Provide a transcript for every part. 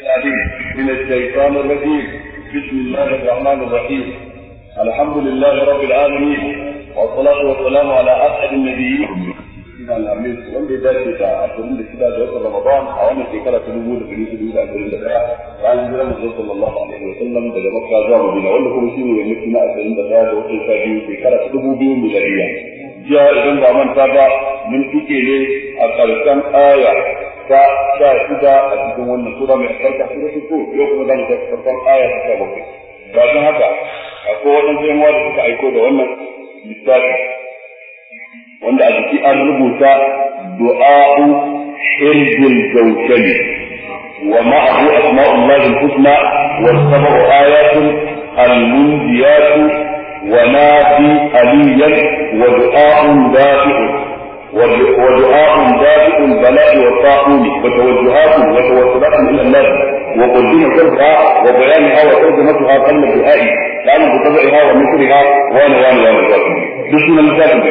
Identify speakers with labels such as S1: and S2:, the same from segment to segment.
S1: العليم من الشيطان الرجيم بسم الله الرحمن الرحيم الحمد لله رب العالمين والصلاة والسلام على أسعد النبيين سيدنا الأمين a ya da ashirin da shida da watan Ramadan a wannan shekara ta dubu da ɗari hudu da ashirin da ɗaya bayan hijirar Muhammad sallallahu alaihi da sallam daga Makka zuwa Madina wanda kuma shi ne yanzu na ashirin da ɗaya da ta dubu biyu da jiya idan ba manta ba mun tuke ne a ƙarshen aya ta sha shida a cikin wannan sura mai albarka sura su yau kuma za mu farkon aya ta sha bakwai ba don haka akwai waɗansu yan da suka aiko da wannan misali wanda a jiki an rubuta du'a'u hirzul zaukali wa ma'ahu asma'ullahi al-husna wa sab'u ayatun al-munziyatu wa ma fi aliyan wa du'a'un dafi'un ودعاء دافئ البلاء والطاعون وتوجهات وتوسلات الى الله وقدم سرها وبيانها وترجمتها قل الدعاء لان بطبعها ومثلها وانا وانا وانا وانا وانا وانا وانا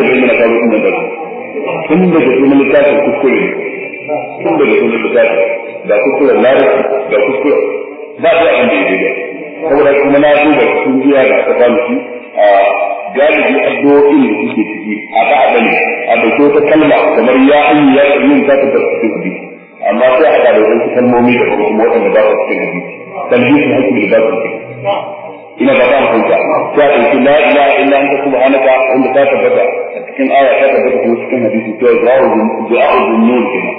S1: وانا وانا وانا وانا وانا وانا وانا وانا وانا الكاتب كفكري ثم بين من الكاتب لا galibi addu'o'in da suke ciki a ba a bane a dauke wata kalma kamar ya ayyu ya ayyu ta ta da cikin hadisi amma sai a da wasu kalmomi da kuma waɗanda ba su cikin hadisi talbisul hakimi da ba su cikin ina ba ta hukunta ya dauki la ilaha illa anta subhanaka wanda ta tabbata a cikin aya ta tabbata kuma cikin hadisi to zaru du'a'u dunyun kenan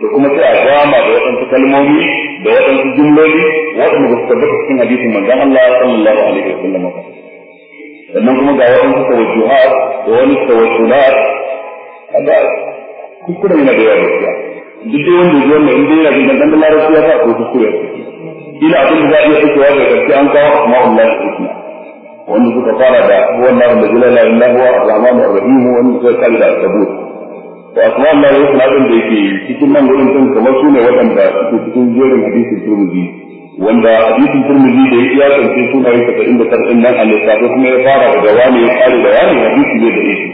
S1: da kuma sai a gama da waɗansu kalmomi da waɗansu jumloli waɗanda ba su tabbata cikin hadisin manzon Allah sallallahu alaihi wasallam ba sannan kuma ga wani tawajjuhat da wani tawajjulat kaga kuskure yana da yawa gaskiya duk da wanda zuwa mai inda yana jin dangan larabci ya sa ko kuskure ila abin da za a iya fitowa da gaskiya an kawo asma'ullah al-husna wanda suka fara da wannan da jilala illahu ar-rahman ar-rahim wanda suka kalla da sabur da asma'ullah al-husna din da yake cikin nan wurin tun kamar su ne waɗanda suke cikin jerin hadisin turmuzi wanda hadisin turmizi da ya iyakance sunaye saba'in da sarɗin nan a lissafi kuma ya fara da wani ya kare da wani hadisi ne da yake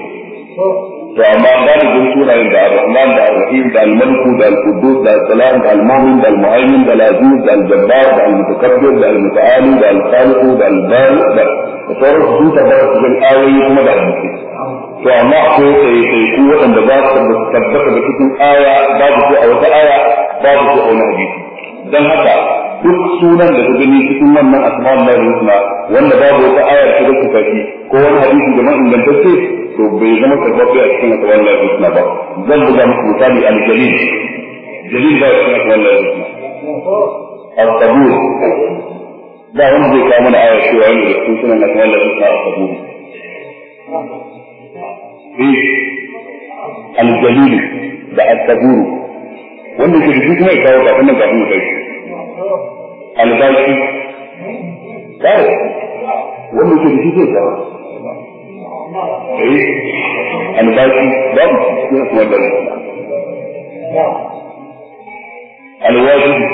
S1: to amma galibin sunayen da ar-rahman da ar-rahim da al-malik da al-quddus da al-salam da al-mu'min da al-mu'aymin da al-aziz da al-jabbar da al-mutakabbir da al-muta'ali da al-khaliq da al-bari da sauran su tabbata cikin ayoyi kuma da hadisi to amma akwai ɗaiɗaiku waɗanda ba su tabbata da cikin aya babu su a wata aya babu su a wani hadisi don haka duk sunan da ka gani cikin wannan asma'ul lahi husna wanda babu wata ayar ta gaskata shi ko wani hadisi da man ingantacce to bai zama karbabbe a cikin asma'ul lahi husna ba zan buga muku misali al-jalil jalil ba cikin asma'ul lahi husna al-qabur ba wanda zai kawo mana ayar cewa yana da cikin sunan asma'ul lahi husna al-qabur al-jalil da al-qabur wannan shi duk mai kawo kafin nan kafin mu kai albashi
S2: kai wanda ke da shi zai eh, albashi ba mu cikin kuma da alwajibi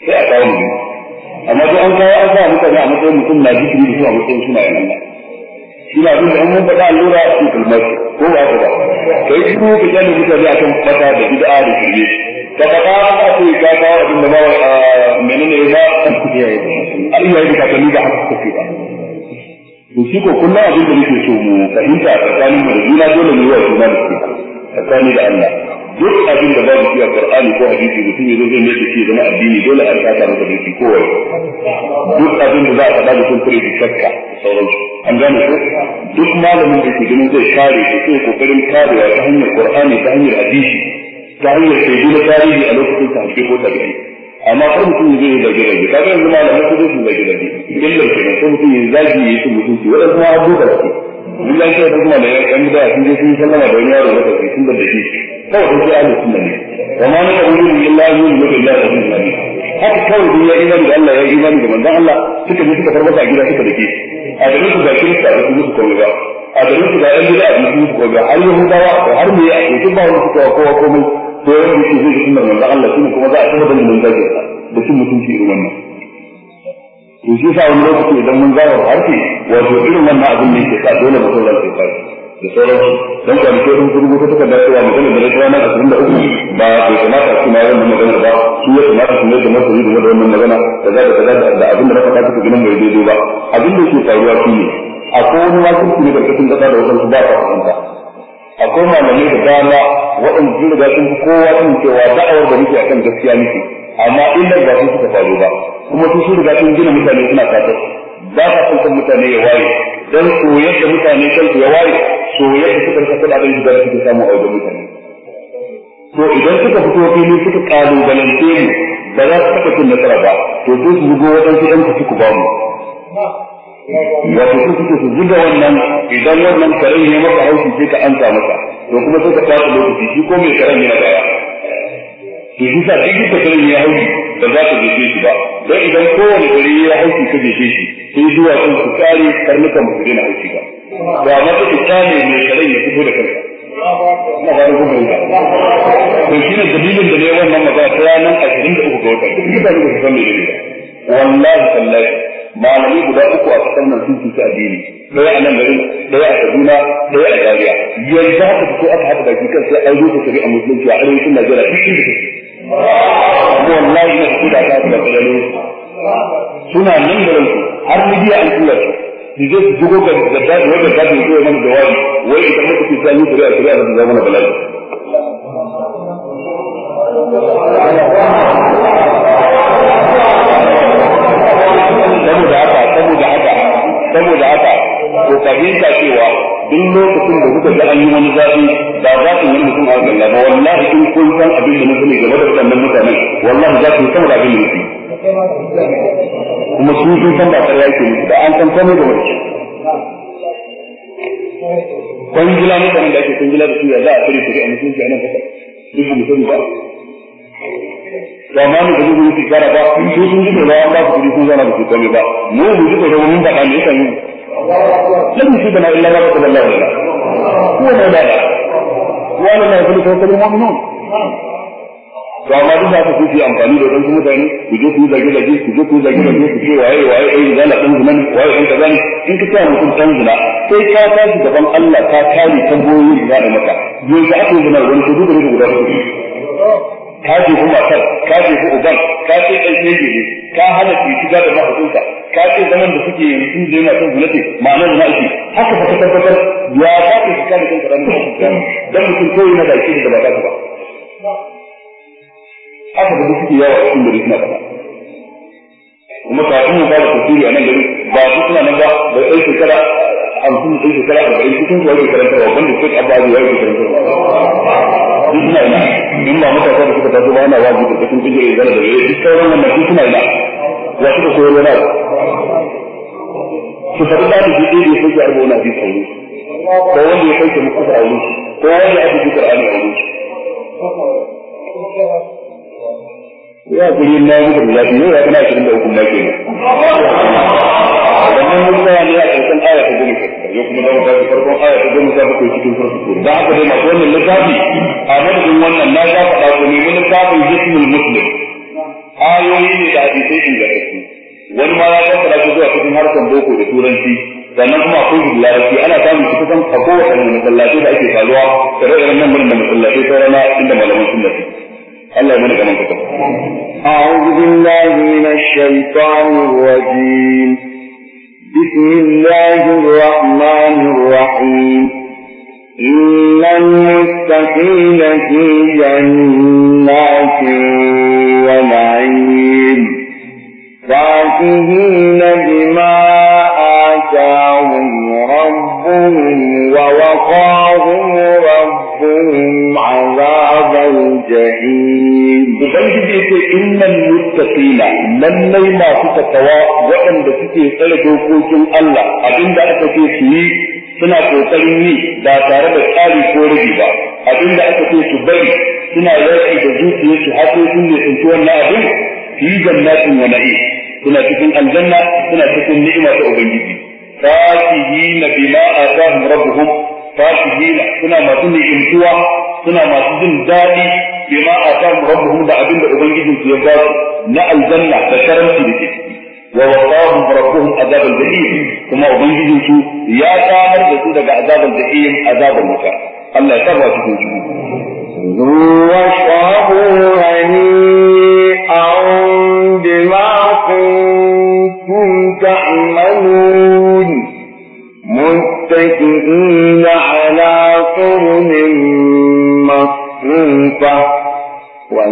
S1: sai a kawo mu amma duk an kawo an sa mutane a matsayin mutum na jikiri da shi a matsayin suna yanan nan shi na abin da an mun allura a cikin kalmar ko ba ka ba kai shi ne ka kyale mutane akan fata da gida da shirye sadaka aka yi ka kawo abin da ba menene ya ba iyaye da kakanni da haka suke ba to shi ko kullum abin da nake so mu fahimta tsakanin mu da juna dole mu yi wa juna da suke tsakani da Allah duk abin da babu cewa Qur'ani ko hadisi mutum ya zo zai ne shi zama addini dole an saka masa duki ko wai
S2: duk abin da za a faɗa mutum kure
S1: da shakka da sauransu an gane ko duk malamin da ke ganin zai kare shi sai kokarin karewa ta hanyar Qur'ani ta hanyar hadisi ta hanyar shaidu na tarihi a lokacin sahabbai ko tabi'ai amma kar mutum ya zai zage zage ka ga yanzu malamai ko zai zage zage illar kenan ko mutum ya zage ya yi mutunci waɗansu ma abu da su illa shi kuma da yan da sun je sun sallama da wani yaro da kai sun da dake kawai sun ce ahlus sunna ne na qulu illa yu'minu billahi wa bil akhir haka kawai duk ya imani da Allah ya imani da manzon Allah suka suka farmata a gida suka dake a da su da kirista da su musu kawai ba a da su da yan bid'a da su musu kawai har yahudawa a cikin ba wani suka komai to yayin da yake zai ga sunnar manzo Allah shine kuma za a kuma dalilin zage da cin mutunci irin wannan to shi sa wani lokaci idan mun zara harfi wato irin wannan abin ne ke sa dole mutum zai da sauransu don kwanake sun furu ta takarda cewa maganar da na kira nan ashirin da uku ba bai kamata su na yin magana ba su ya kamata su ne da masu yi da wannan magana da za da da abin da na faɗa suka mai daidai ba abin da ke faruwa shi ne akwai wani wakilci ne da kasan kasa da wasan su ba ta fahimta akwai malamai da dama waɗanda sun riga sun fi kowa sun cewa da'awar da nake akan gaskiya nake amma inda ba su suka faru ba kuma su sun riga sun gina mutane suna fatar ba ka san san mutane ya waye dan soyar da mutane kansu ya waye soyar da suka da kuɗaɗen da suke samu a wajen mutane to idan suka fito fili suka kalubalance mu
S2: ba za su taɓa cin nasara ba to sai su zubo waɗansu ɗan ku ba mu wato su suke su zuga wannan idan wannan
S1: karen ne maka haushi sai ka amsa masa to kuma sai ka tafi lokaci shi ko mai karen yana baya to shi sa duk da karen ya haushi ba za ka jefe shi ba don idan kowane kare ya haushi ka jefe shi sai zuwa sun su kare karnukan ba su daina haushi ba ba ma ka ne mai karen ya fito da kanka na ba da gudun ba to shi ne dalilin da ne wannan magana ta ranar ashirin da uku ga wata duk da ne ba su san mai dalilin wallahi tallahi malamai guda uku a cikin nan sun cuta addini ɗaya a nan garin ɗaya a kaduna ɗaya a gariya. yanzu haka fito aka haɗa baki kan sai an rufe shari'a musulunci a arewacin najeriya duk inda take wallahi na fito da ta da suna nan garin su har libya an tura su
S2: su je su jigo ga gadda da wanda ta yi mana jawabi wai idan muka ce sai yi shari'a shari'a da zama na bala'i saboda haka saboda haka saboda haka ko fahimta cewa
S1: duk lokacin da kuka ga an yi wani zafi ba za ku yi mutum a wajen ba wallahi in kun san abin da nake game da wannan mutane wallahi za ku san abin da nake
S2: kuma sun sun san ba ƙarya yake musu da an san komai da wani kwangila mutane da ake kwangila
S1: da su ya za a fere su ga mutum ke nan kasa duk mutum ba da ma mu gudu gudu shekara ba su sun ji tsoro ba su kuɗi sun zana da su ba mu mu ji tsoro mun faɗa ne kan yi lamu shi bana illa ba Allah wala ko ne da ba wa la yakulu
S2: tawakkalul mu'minun to amma duk
S1: haka kuke amfani da wadansu mutane ku je ku zage zage ku je ku zage zage ku ce waye waye ai zala dan zuman waye dan kaza in ka tsaya mutum dan zina sai ka tashi gaban Allah ka kare kan goyoyi da maka yanzu ake zina wani kudu da guda kudu
S2: ka jefi matar ka ku
S1: uban ka ce ɗan shege ne ka hana ki shiga da mahaifinka ka ce zaman da suke yanzu da yana son zulati ma'ana da ake haka fa ka tabbatar ya ka ka shiga da kanka ranar kiyama dan mutum kawai na baki da ba ta ba haka da suke yawa cikin gari suna faɗa
S2: kuma kafin mu da tafsiri a
S1: nan gari ba su suna nan ba bai ɗauke kada hamsin sun shekara arba'in cikin kuwa yake karantarwa wanda sai abba ya yake karantarwa duk suna ina in ba suka taso ba yana wajibi da cikin kujere zana da yayi duk sauran wannan duk suna ina ya suka koyar wani abu
S2: su faɗi ɗaɗi su ɗaya sai ya arba wani
S1: hadisi a wurin ko wanda ya kai ke mukusa a wurin ko
S2: wanda ya fi Qur'ani a wurin ya kuri na yi mutum lafi yau ya kana da hukumma ke ne. Wannan mutum
S1: ya karshen aya ta goma sha ya kuma zama ta farkon aya ta goma sha bakwai cikin farko da haka dai masu wannan littafi a madadin wannan na za faɗa ku nemi littafin jismul muslim ayoyi ne da da ingantattu wani ma ya fassara shi zuwa cikin harkar boko da turanci sannan kuma akwai da larabci ana samun shi kusan a kowace masallaci da ake taruwa da nan mun da masallaci sauran inda malaman ya mana ganin kuka.
S3: أعوذ بالله من الشيطان الرجيم بسم الله الرحمن الرحيم إن المتقين في جنات ونعيم فاكهين بما آتاهم ربهم ووقاهم ربهم عذاب الجحيم ubangiji yake
S1: innal muttaqina lallai masu takawa waɗanda suke tsare dokokin Allah abinda aka ce su yi suna kokarin yi ba tare da tsari ko rubi ba abinda aka ce su bari suna yaki da zuciyarsu har sai sun nisanci na abin fi jannatin wa na'im suna cikin aljanna suna cikin ni'ima ta ubangiji fakihina bima atahum rabbuhum fakihina suna masu ni'imtuwa suna masu jin daɗi bima atahum rabbuhum da abinda ubangijin su ya ba su na aljanna da karanci da ke wa waqahum rabbuhum azab al-jahim kuma ubangijin su ya samar da su daga azab al-jahim azab Allah ya
S3: saba cikin su shahu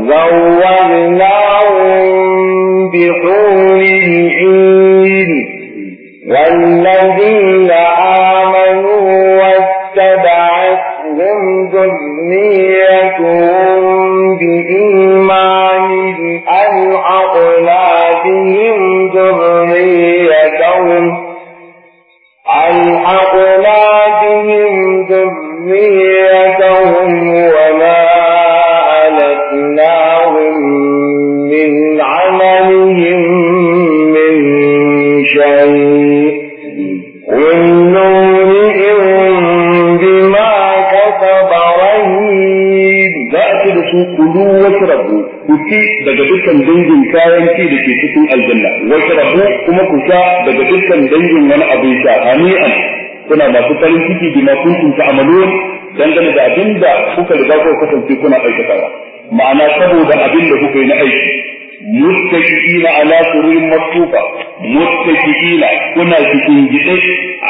S3: وزوجناهم dukkan
S1: dangin kayan ci da ke cikin aljanna wasu rabu kuma ku sha daga dukkan dangin wani abin sha hani'an kuna masu farin ciki da masu kuntum ta'malun dangane da abin da kuka riga ko kasance kuna aikatawa ma'ana saboda abin da kuka yi na aiki متكئين على سرر مصفوفة متكئين kuna cikin gide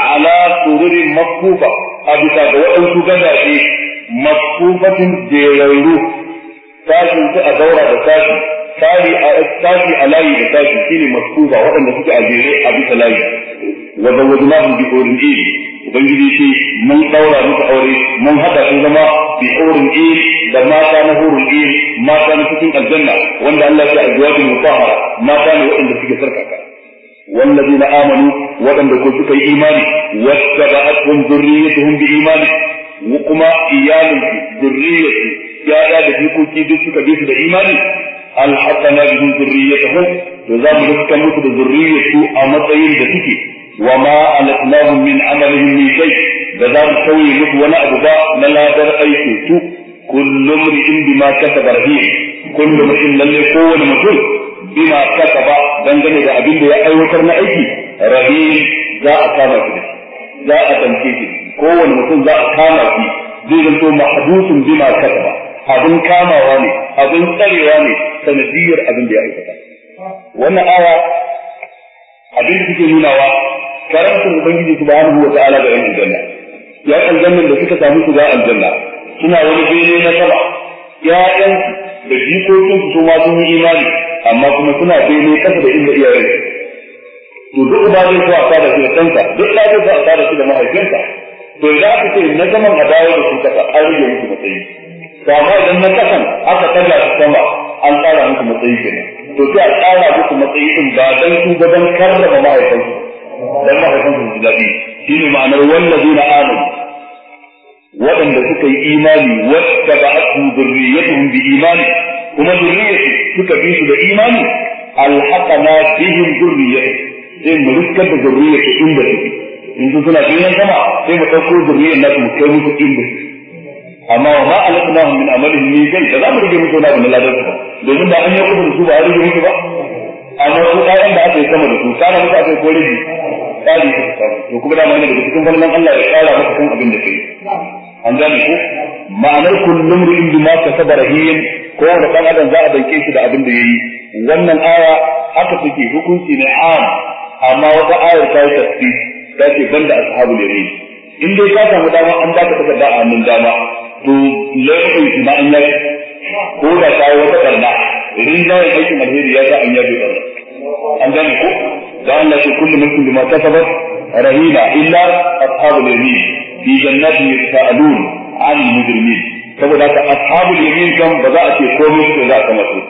S1: على سرر مصفوفة أبدا وأنتو بدا في مصفوفة جيرو tashin su a zaura da tashi tashi tashi a layi da tashi shine maskuba waɗanda suke a jere a bisa layi wa zawwajnahum bi hurin ayni ubangiji ce mun daura musu aure mun hada su zama bi hurin ayni da mata na hurin ayni mata na cikin aljanna wanda Allah ya azwajin mutahhara mata ne waɗanda suke sarkaka والذين آمنوا amani waɗanda إيماني واتبعتهم ذريتهم بإيمان وكما إيالهم ذريتهم ya da da jikoki duk suka su da imani alhaqana bihim dhurriyyatahum to za mu rika musu da su a matsayin da suke wa ma alatnahum min amalihim min kai da za mu sauye musu wani abu ba na ladar aikin su kullum ri'in bima kasaba rahim kullum in lalle kowane mutum kasa ba dangane da abin da ya aiwatar na aiki rahim za a kama shi da za a tamke shi kowane mutum za a kama shi zai zanto mahdusun kasa ba. abin kamawa ne abin tsarewa ne sanadiyar abin da ya aikata wannan aya abin da take nunawa karantar ubangiji subhanahu wa ta'ala ga yan aljanna ya aljanna da suka samu su ga aljanna suna wani bene na sama ya'yan da jikokin su ma sun yi imani amma kuma suna bene kasa da inda iyayen to duk ba zai so a da shi da kansa duk ba zai so a da shi da mahaifinsa to za aka ce na zaman a dawo da su kasa an rage musu matsayi to amma idan na kasan aka taga su sama an tsara musu matsayi kenan to sai a tsara musu matsayi din ba dan su ba dan karrama ma'aikatan dan ma'aikatan su ji daɗi shi ne ma'anar wallazi na amin waɗanda suka yi imani wadda ba a su zurriyatuhum bi imani kuma zurriyatu suka bi su da imani alhaqana bihim zurriyatu sai mu riskar da zurriyatu inda suke in su suna filin sama sai mu ɗauko zurriyar nasu mu kai musu inda suke amma wa ma alaqnahum min amalihim ni shay da mu rige musu na bin ladan su domin da an yi kudin su ba a rige musu ba amma su ɗayan da aka yi sama da su sana musu aka yi ko rige tsari su ta to kuma da mana daga cikin fallan Allah ya tsara maka kan abin da kai an ni ko ma'anar kullum ri'in bima kasaba rahin ko da dan adam za a danke shi da abin da yayi wannan aya haka take hukunci ne am amma wata ayar ta yi tasbih ta ce banda ashabul yamin in dai ka samu dama an ba ka takarda a hannun dama to laifin shi ba an yare
S2: ko da ta yi wata karna
S1: rinjayen aikin alheri ya sa an yabe ba. an gane ko da Allah ce kullum mulkin bima kasabat rahina illa ashabul yamin fi jannatin yata'alun an mujrimin saboda ka ashabul yamin kan ba za a ce komai ko za a masu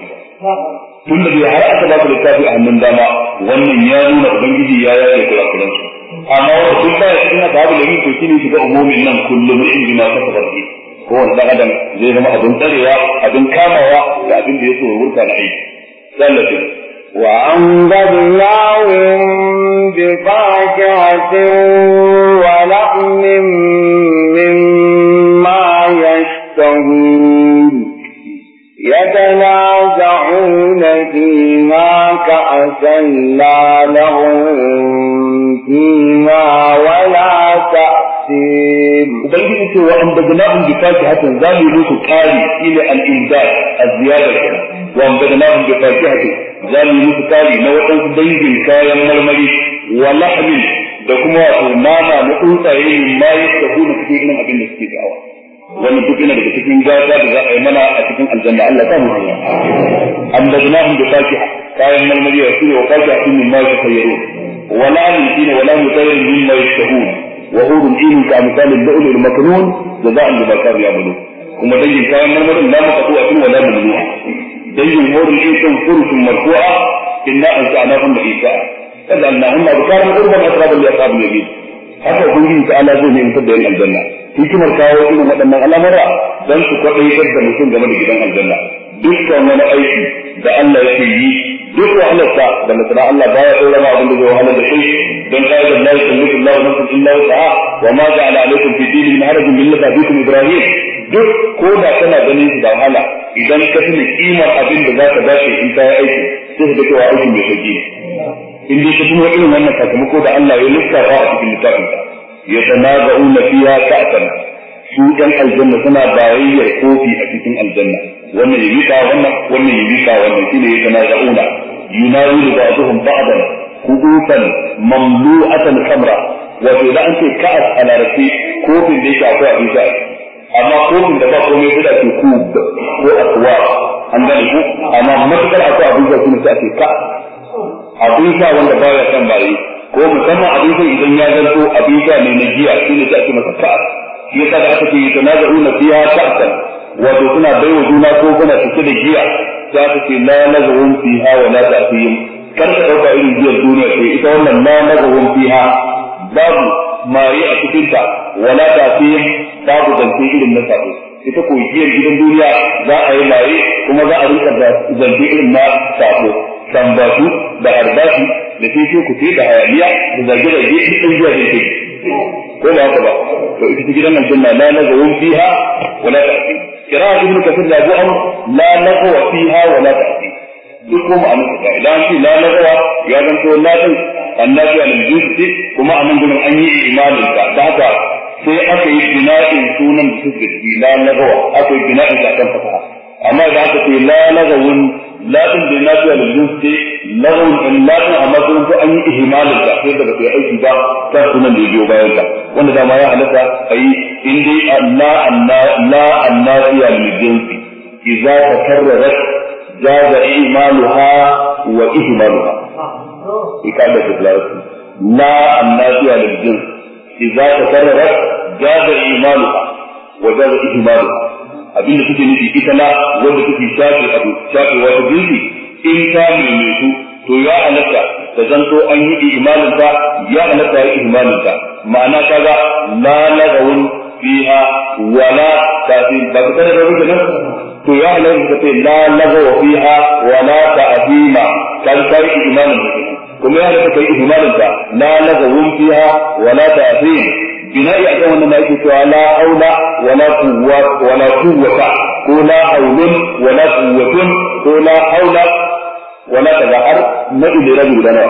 S1: tun da bai har aka ba ku littafi a hannun dama wannan ya nuna ubangiji ya yaye kurakuransu amma wanda tun baya cikin ashabul yamin to shine shiga umumin nan kullum mulkin bima kasabat rahina kowane dan adam zai zama abin tsarewa abin kamawa da abin da ya so wurta da aiki
S2: sallatin wa anbadnahum bi fakihatin
S3: wa lahmin mimma yashtahun يتنازعون فيها كأسا لا لهم فيها ce wa an bagna an bi faki
S1: hatin za mu yi musu kari shine al-imdad az-ziyada wa an bagna an bi faki hatin za mu yi musu kari na waɗansu dangin kayan marmari wa lahmi da kuma wato nama na tsuntsaye ma ya tafi na cikin irin abin da suke da'awa wannan duk yana daga cikin gata da za a yi mana a cikin aljanna Allah ta mu hanya an bagna an bi faki kayan marmari ya shine wa faki hatin min ma ya wa wala min shine wala mutayyin min ma ya وهود إن كامثال البئل المكنون جزاء لما كانوا يعملون كما دين كان مرمر لا مقطوعة ولا ممنوعة دين مور الإنسان فرس مرفوعة إنا أنسعناهم بإيساء إلا أن هم أبكار الأربع أسراب اللي أصاب اليهود حتى كنت تعالى ذهن يمتد إلى الجنة في كمر كاوة إنه مدى ما ألا مرأ دنس كرئي كذا مسلم جمد جدا الجنة dukkan wani aiki da Allah yake yi duk wahalarsa da nasara Allah baya ɗora ma abin da zai wahalar da shi don ƙa'idar Allah ya kalli Allah wa nafsin illa wa wa ma ja'ala alaikum fi dinin min harajin millata abikum Ibrahim duk ko da kana ganin shi da wahala idan ka tuna kimar abin da za ka dace in ka aiki sai da ga cewa aiki mai sauki ne in dai ka tuna irin wannan sakamako da Allah ya lissafa a cikin littafin ka ya tanaza'una fiha ka'san su ɗan aljanna suna bayayyar kofi a cikin aljanna wannan ya miƙa wannan wannan ya miƙa wannan shi ne yana da'una yunawilu ba'dhum ba'dan kudutan mamlu'atan khamra wato da an ce ka'as a larabci kofin da yake akwai abin sha amma kofin da ba komai guda ke kub ko akwa an gane ku amma matukar akwai abin sha shi ne sai ake ka'as abin sha wanda ba baya kan bayi ko musamman abin sha idan ya zanto abin sha ne na giya shi ne sai ake masa ka'as shi yasa da aka ce yatanaza'una fiha ka'san wato suna bai wa juna ko kuna cike da giya za su ce la nazarun fiha wa la ta'tiyum kar ka dauka irin giyar duniya ce ita wannan la nazarun fiha babu mari a cikin ta wa la ta'tiyum babu zance irin na sabo ita ko giyar gidan duniya za a yi mari kuma za a rika zance irin na sabo tambatu da arbashi da fifi kuce da hayaniya da zage-zage duk sun zuwa jirgin ko ba haka ba to ita ta gidan nan na la nazarun fiha wala la kira ibn kafir da abu amr la naqwa fiha la ta'ti duk ko ma'ana ta idan shi la naqwa ya zanto la din kuma a nan gurin an yi imanin da haka sai aka yi bina'in sunan da suke la naqwa aka yi kan amma da latin da na fiya lulun ce lahun in latin amma sun fi an yi ihimalin ta sai da ba sai aiki ba ta sunan da ya biyo bayan ta wanda dama ya halatta a yi in dai la la anna fiya lulun ce idza takarrarat jaza imaluha wa ihmaluha ikalla da larabci la anna fiya lulun idza takarrarat jaza imaluha wa jaza ihmaluha abinda kuke nufi ita la wanda kuke shafe abu shafe wata jinsi in ta nemi su to ya halatta da zanto an yi ihmalin ta ya halatta ya ihmalin ta ma'ana kaga la lagawun
S2: fiha wala
S1: ta'til ba ka tare da rubuta nan to ya halatta ka ce la lagawa fiha wala ta'tima kan kai ihmalin kuma ya halatta kai ihmalin ta la lagawun fiha wala ta'til بناء أكون أننا يكتوى لا أولى ولا قوة ولا قوة ولا حول ولا قوة ولا حول ولا تظهر نجد رجل لنا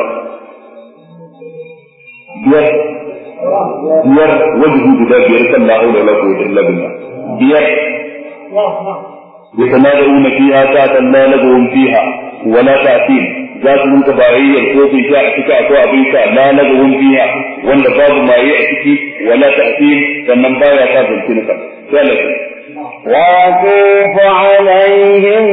S1: بير بير وجهه بذا بير لا حول ولا قوة إلا بالله بير يتنازعون فيها تاتا لا لغو فيها ولا تأثيم za su rinka bayayyar kofin sha a cika ko abin sha la lagawun biya wanda
S3: babu maye a ciki wala ta'til sannan baya sa zalci na sai Allah واطوف عليهم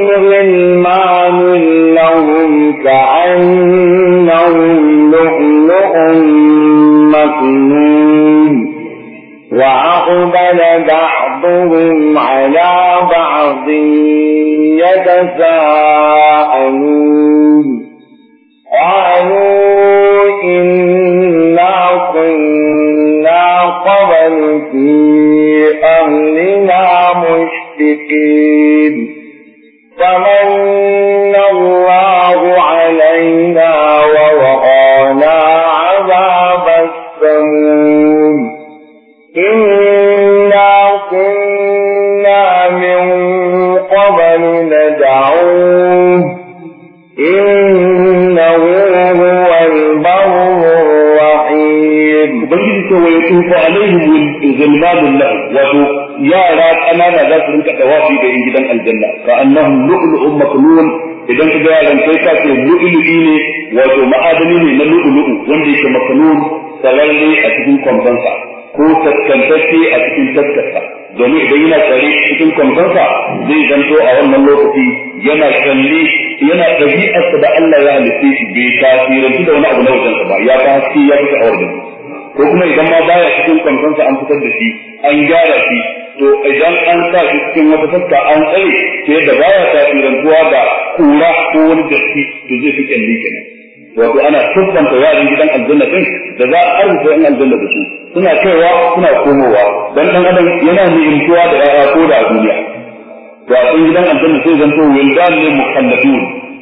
S1: wanda yake makanun tsararre a cikin kwamfansa ko taskantacce a cikin taskarsa domin idan yana tsare cikin kwamfansa zai zanto a wannan lokaci yana kalli yana ɗabi'arsa da Allah ya halitta shi bai tasirantu da wani abu na wajensa ba ya fi haske ya fi sha'awar da ko kuma idan ma baya cikin kwamfansa an fitar da shi an gyara shi to idan an sa shi cikin wata fuska an tsare ta yadda baya tasirantuwa da kura ko wani datti to zai fi kyalli kenan wato siffanta yaran gidan aljanna din da za a arzuta yan aljanna da su suna cewa suna komowa dan dan adam yana ni'imtuwa da yara ko da duniya da a cikin gidan aljanna sai zanto wildan ne mukallafin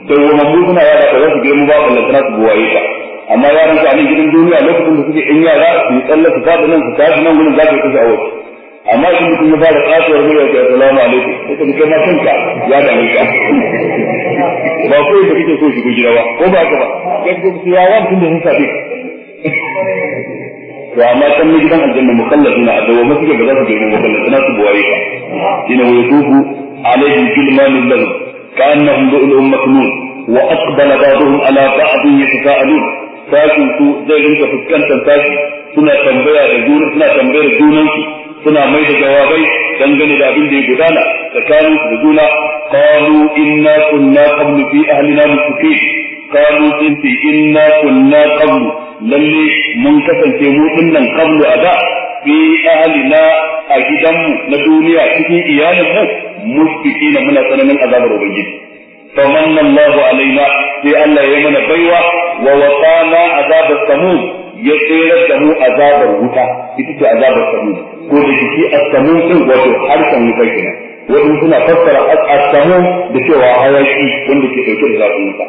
S1: da wannan mu suna yara da su girma ba ballantana su buwaye ka amma yaran su a gidan duniya lokacin da suke in yara su tsallaka ta nan su tashi nan gurin za ka kusa a amma in mutum ya fara kasuwar murya ta salamu alaikum kuka ni kana kanka ya da ni ba ko da kike so shigo gida ba ko ba ka ba kai ko
S2: ya wani tun da sun sabi wa amma kan ni gidan aljanna mukallafina da wa masu da za su ga mukallafina su buwaye ka
S1: ina wa yusufu alaihim kilmanu lahu كأنهم لؤلؤ wa aqbala ba'dhum ala بعض يتساءلون fa kuntu zai انت فكنت فاشن suna tambaya da juna suna tambaya da junansu suna mai da jawabai dangane da abin da ya gudana tsakanin su da juna qalu inna kunna qablu fi ahlina mushrikin qalu inti inna kunna qablu lalle mun kasance mu dinnan qablu a da fi ahlina a gidanmu na duniya cikin iyalin mu mushrikin muna tsananin azabar ubangiji famanna Allahu alaina sai Allah ya mana baiwa wa waqana azabar samu. ya tsere da mu azabar wuta ita ce azabar samu ko da shi as-samu din wato harshen wuta kenan wani suna fassara as-samu da cewa hayaki wanda ke dauke da zafin wuta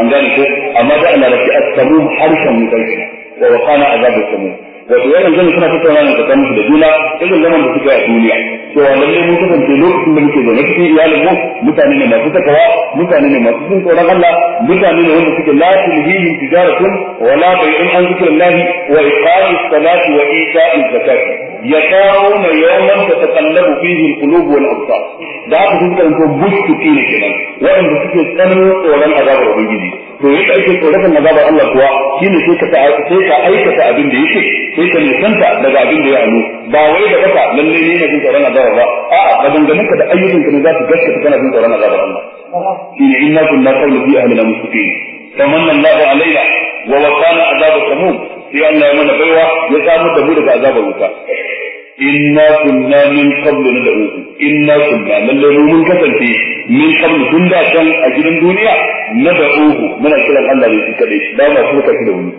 S1: an gane ko amma da ana rafi as-samu harshen wuta kenan wa kana azabar samu wato 'yana yanzu suna tattauna ne tsakanin su da juna irin zaman da suka yi a duniya cewa lalle mun kasance lokacin da muke zaune cikin iyalin mu mutane ne masu takawa mutane ne masu jin tsoron Allah mutane ne wanda suke la tulhihi tijaratun wa la bai'un an zikrillah wa iqamis salati wa ita'iz zakat yaqawna yawman tataqallabu fihi alqulub wal absar da haka sun karanto bushki ne kenan waɗanda suke tsananin tsoron azabar ubangiji to yadda ake na azabar Allah kuwa shi ne sai ka aikata abin da yake sai ka nisanta daga abin da ya halu ba wai da kasa lalle ne na jin tsoron azabar ba a'a maganganun ka da ayyukan ka ne za su gaskata kana jin tsoron azabar Allah shine inna kunna qawlu fi ahlina mustaqim famanna Allahu alaina wa waqana azab samum sai Allah ya mana baiwa ya samu da mu daga azabar wuta inna kunna min qablu nad'uhu inna kunna lalle mu mun kasance min qablu tun da kan a gidan duniya nad'uhu muna kiran Allah ne shi kadai ba ma so ka da wani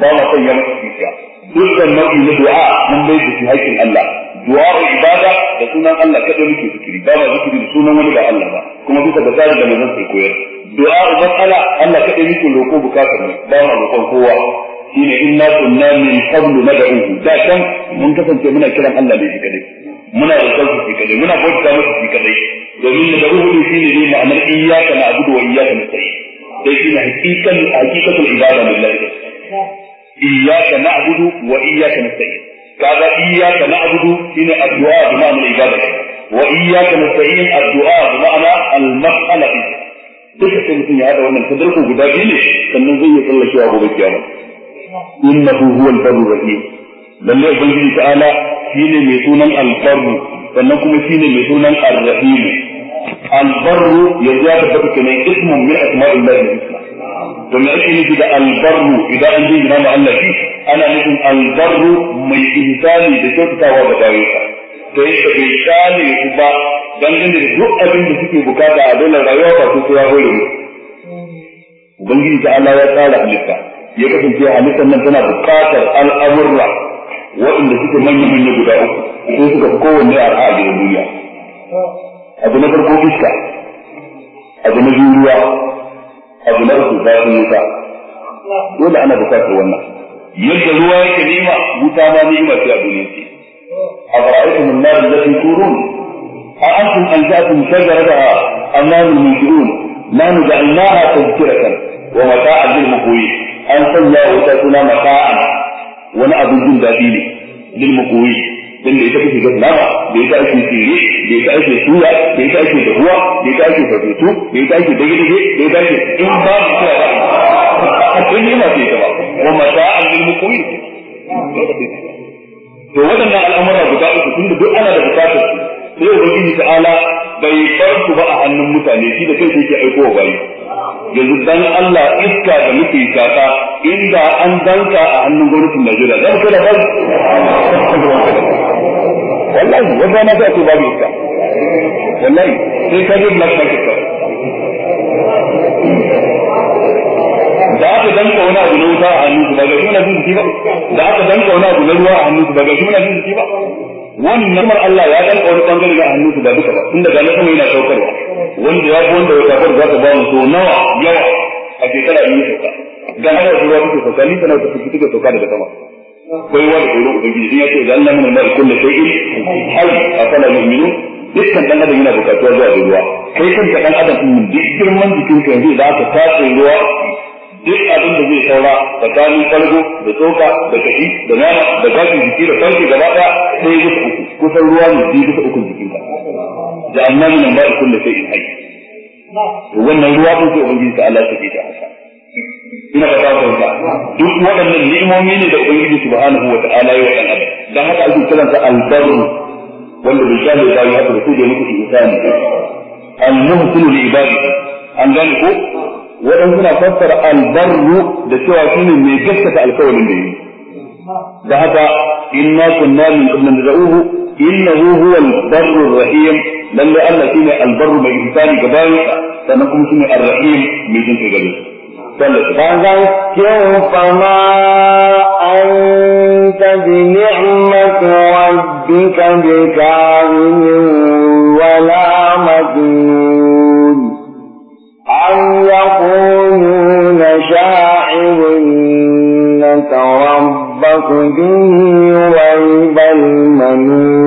S1: ba ma son ya masa kika dukkan nau'i na du'a mun bai da shi haƙin Allah du'a ibada da sunan Allah kadai muke zikiri ba ma zikiri sunan wani ba Allah ba kuma duka da tsari da manzon sai koyar du'a mas'ala Allah kadai muke roko bukatar mu ba ma roƙon kowa shine inna kunna min qablu nad'uhu da kan mun kasance muna kiran Allah ne shi kadai muna roƙon shi kadai muna bauta masa shi kadai domin nad'uhu shine ne ma'anar iyyaka na'budu wa iyyaka nasta'in sai shine hakikan hakikatul ibada lillahi iyyaka na'budu wa iyyaka nasta'in kaga iyyaka na'budu shine addu'a bi ma'anar ibada wa iyyaka nasta'in addu'a bi ma'anar al-mas'ala duka sai mutum ya haɗa wannan tadarku guda biyu ne sannan zai iya tsallakewa gobe kiyama
S2: innahu huwal barru
S1: rahim lalle ubangiji ta'ala shine mai sunan albarru sannan kuma shine mai sunan arrahim albarru yanzu ya tabbata kenan ismun min asma'illahi al-husna to me ake nufi da albarru idan an jingina ma Allah shi ana nufin albarru mai ihsani da kyautatawa ga bayansa to yadda bai kyale su ba dangane da duk abin da suke bukata a dole rayuwa ba su ya hore mu ubangiji ta Allah ya tsara halitta ya kasance halittar nan tana buƙatar al'amurra waɗanda suke manya-manya guda uku sai suka fi kowanne a a gidan duniya abu na farko iska abu na biyu ruwa abu na uku zafin wuta dole ana buƙatar wannan
S2: yadda ruwa yake nima
S1: wuta ma nima ce a duniya ce a fara'aikun Allah da zafi turun a antum an zafin shagara da a annamin mushirun nanu ja'alnaha tazkiratan wa mata'a lil muqwin an sanya wa wuta suna masa'a wani abin jin daɗi ne lil makoyi dan da ita kake gaddama da ita ake tsire da ita ake suya da ita ake da da ita ake fasutu da ita ake dage dage da ita ake in ba mu cewa ba kun yi mace ta ba wa masa'an lil makoyi to waɗannan al'amura guda uku tunda duk ana da bukatar su sai ubangiji ta'ala bai bar ba a hannun mutane shi da kai yake aiko wa bayi yanzu dan Allah iska da muke shaka inda an danka a hannun gwamnatin Najeriya za mu kada bai wallahi wanda na ta babu iska wallahi sai ka je black market ka
S2: da aka danka wani abu na wuta a
S1: hannun su ba ga shi muna jin ba da aka danka wani abu na ruwa a hannun su ba ga shi muna jin ba wannan namar Allah ya danka wani bangare a hannun su ba duka ba tun daga na sama yana saukarwa wanda ya wanda ya bar za ta ba mu so nawa yawa a shekara in yi sauka ga nawa shi ruwa kuke sauka ni tana ta fi kuke sauka daga sama kai wa da tsoron ubangiji in ya ce ga Allah mun mai kullu shay'in hay afala yu'minun dukkan dan adam yana bukatuwa zuwa da ruwa kai kan dan adam din duk girman jikin ka yanzu zaka ka ruwa duk abin da zai saura tsakanin farko da tsoka da kashi da nama da gashin jiki da farko gaba ɗaya sai ya kusa uku kusan ruwa ne biyu kusa uku jikinka da annabi nan ba da kullu shay'in hayy
S2: wannan ruwa ko ko
S1: ubangiji ta Allah take ta haka ina ba ta bauta duk waɗannan ni'imomi ne da ubangiji subhanahu wata'ala ya wadan adam dan haka ake kiransa al-barru wanda bai shafe ba ya haka da kuje muku insani al-muhsinu li ibadihi an gane ko waɗansu suna fassara albarru da cewa shi ne mai gaskata alkawarin da yi da haka inna kunna min qablan nad'uhu innahu huwal barrur rahim lalle Allah shine albarru mai ihsani ga bayansa sannan kuma shine arrahim mai jin kai gare su
S3: فذكر فما أنت بنعمة ربك بكاهن ولا مجنون أم يقولون شاعر نتربص به ريب المنون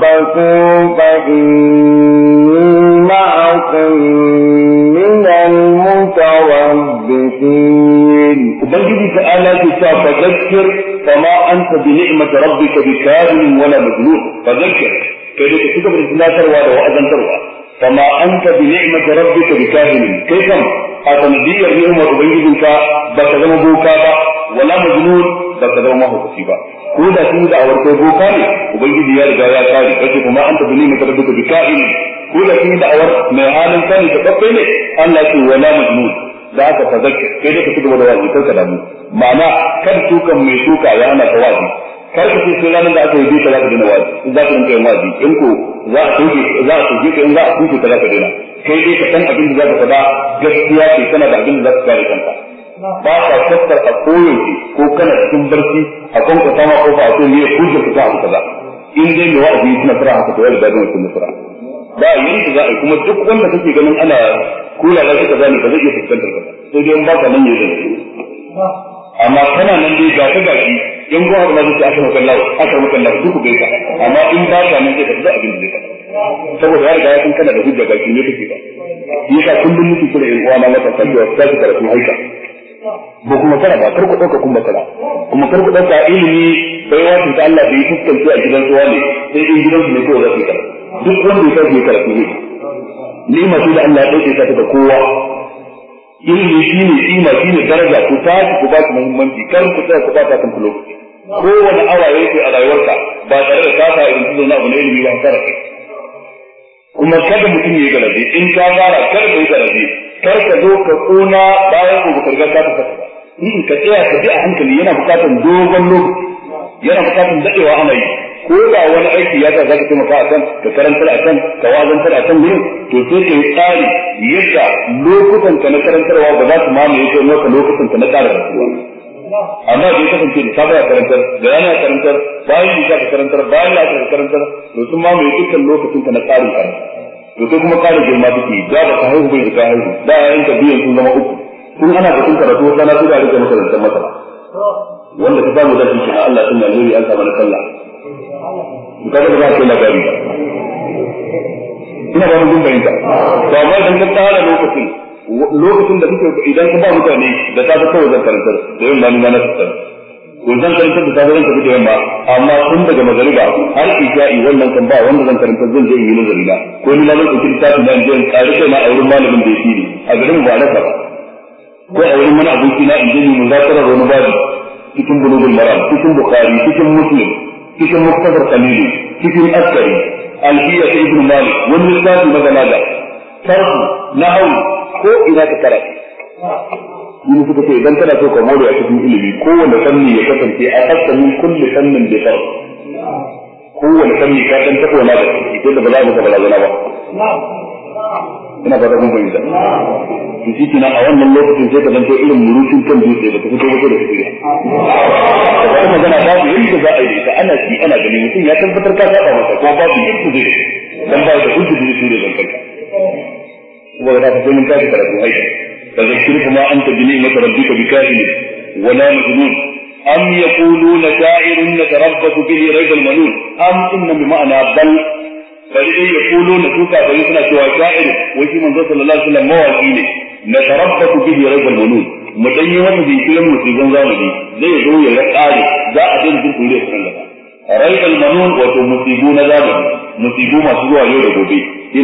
S3: تربصوا فإني معكم من المتربصين وبنجد
S1: تعالى كتاب فذكر فما أنت بنعمة ربك بكاذب ولا مجنون فذكر كيف تكتب الإسلام تروى وأذن تروى فما أنت بنعمة ربك بكاذب كيف a sanadiyar ni'imar ubangijinka ba ka zama boka ba wala majnun ba ka zama mahaukaci ba ko da sun da awar kai boka ne ubangiji ya riga ya kare kace kuma an bi ni ka duka bi ka'in ko da sun da awar mai halin sani da babbe ne Allah ce wala majnun da aka fazakka kai da kake da wazi kar ka damu ma'ana kar tukan mai tuka ya ana wazi kar ka ce sai ranar da aka yi bi ka za ka dina wazi in za ka dinka yin wazi in ko za a tuke za a tuke ka in za a tuke ka za ka dina kai dai ka san abin da za ka faɗa gaskiya ce kana da abin da za ka kare kanka ba ka shakkar a koyaushe ko kana cikin barci a kan ka sama ko ba a so ne ko ku ta haka ba in dai ne wa'azi yi suna fara haka to ya riga da mutum nasara ba a yi za a yi kuma duk wanda kake ganin ana kula da suka zani ba zai iya fuskantar ba sai dai in ba ka nan ya zai amma kana nan dai ga ta gashi in ko har ma zai aka maka lawo aka maka lawo duk bai ka amma in ba ka nan sai ka da abin da zai saboda ya riga ya kana da hujja shi ne kake ba yasa kullum mutum kula in uwa na mata kan cewa ta karatu haika ba kuma kara ba kar ku dauka kun bakara kuma kar ku dauka ilimi bai wato ta Allah bai fuskanci a gidan tsuwa ne sai in gidan su ne kowa za su kara duk wanda ya sauke karatu ne ni ma da Allah ya ɗauke ta ga kowa ilimi shi ne kima shi ne daraja ku tashi ku ba su muhimmanci kar ku tsaya ku ba ta kan lokaci kowane awa yake a rayuwarka ba tare da ta irin su zauna abu na ilimi ba tare kuma kada mutum ya yi in ka fara kar ka yi kar ka zo ka kona bayan gobe ka riga ka tafi ba in ka tsaya ka bi a hankali yana bukatar dogon lokaci yana bukatar dadewa ana yi ko da wani aiki ya ta zaka taimaka a kan ka karantar a kan ka wazantar a kan ne to sai ka yi tsari yadda lokutan ka na karantarwa ba za su mamaye kai maka lokutan ka na tsara rayuwa amma da kasance da safiya karantar da yana karantar bayan da ka karantar bayan da ka karantar to sun mamaye dukkan lokacin ka na tsarin karatu to sai kuma kare girma take da ba ka haihu bai da ka haihu da biyan sun zama uku kun ana da kun karatu wata na suka rike makarantar masara
S2: wanda ka samu zaki shi Allah
S1: sun yanzu an samu na sallah ka ga ba ka labari
S2: ina ba mun bayyana to amma dan ka tsara lokacin
S1: lokacin da kike idan ka ba mutane da ta ga kawai zan da yamma ma na tsara to zan karanta da safe zan tafi da yamma amma tun daga magariba har isha'i wannan kan ba wanda zan karanta zan je yi nazari na ko ni ma zan ɗauki littafin da je in ƙari kai na a wurin malamin da yake ne a garin ba na ba ko a wurin wani aboki na in je mu muzakarar wani babu cikin bulugul maram cikin bukari cikin muslim cikin muktasar qalili cikin askari alfiya ta ibn malik wani littafi na balaga na na'u ko ina ka karatu shi suka ce idan kana so ka more a cikin ilimi kowane fanni ya kasance a kasta kulle kulli fannin bi fard kowane fanni ka san tako na da shi to da ba za mu ka balagana ba ina ba da mun bayyana to shi kina a wannan lokacin sai ka zanto irin murutun kan dutse da kuma kai da shi da ba magana babu yadda za a yi ta ana shi ana gani mutum ya tabbatar ka saba masa ko babu yadda zai dan ba da hujja da zai da kanka saboda ka san mun tashi karatu aiki فذكره ما أنت بنعمة ربك بكاهن ولا مجنون أم يقولون شاعر نتربص به ريب المنون أم إن بمعنى بل فلذي يقولون توكا فيصنع سوى شاعر ويسي من صلى الله عليه وسلم موازين نتربص به ريب المنون متين ومدي كلم وسيزن زامدي زي زوية لكالي ذا أدن تلك وليس من ريب المنون وتو مصيبون زامدي مصيبون مصيبون يولد وبي